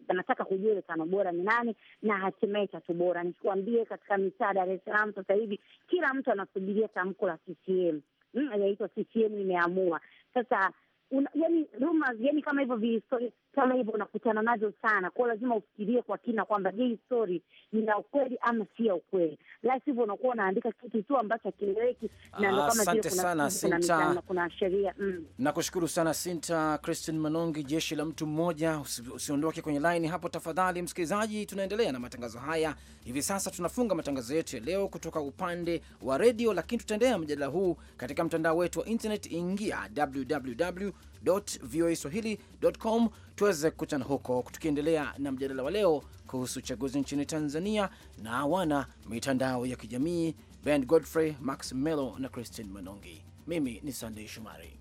anataka kujua ile tano bora ni nani na hatimaye tatu bora. Nikuambie, katika mitaa Dar es Salaam sasa hivi kila mtu anasubiria tamko la CCM hmm, inaitwa CCM imeamua sasa, Yani rumors, kama hivyo vihistoria kama hivyo unakutana nazo sana kwao, lazima ufikirie kwa kina kwamba je, hii stori ni ya ukweli ama si ya ukweli, la sivyo unakuwa unaandika kitu tu ambacho akieleweki. Na sana Sinta, kuna sheria mm. Nakushukuru sana Sinta Christine Manongi, jeshi la mtu mmoja. Usiondoke kwenye laini hapo tafadhali, msikilizaji. Tunaendelea na matangazo haya hivi sasa, tunafunga matangazo yetu ya leo kutoka upande wa redio, lakini tutaendelea mjadala huu katika mtandao wetu wa internet. Ingia www voaswahili.com, tuweze kukutana huko tukiendelea na mjadala wa leo kuhusu uchaguzi nchini Tanzania na wana mitandao ya kijamii Ben Godfrey, Max Melo na Christine Manongi. Mimi ni Sandey Shumari.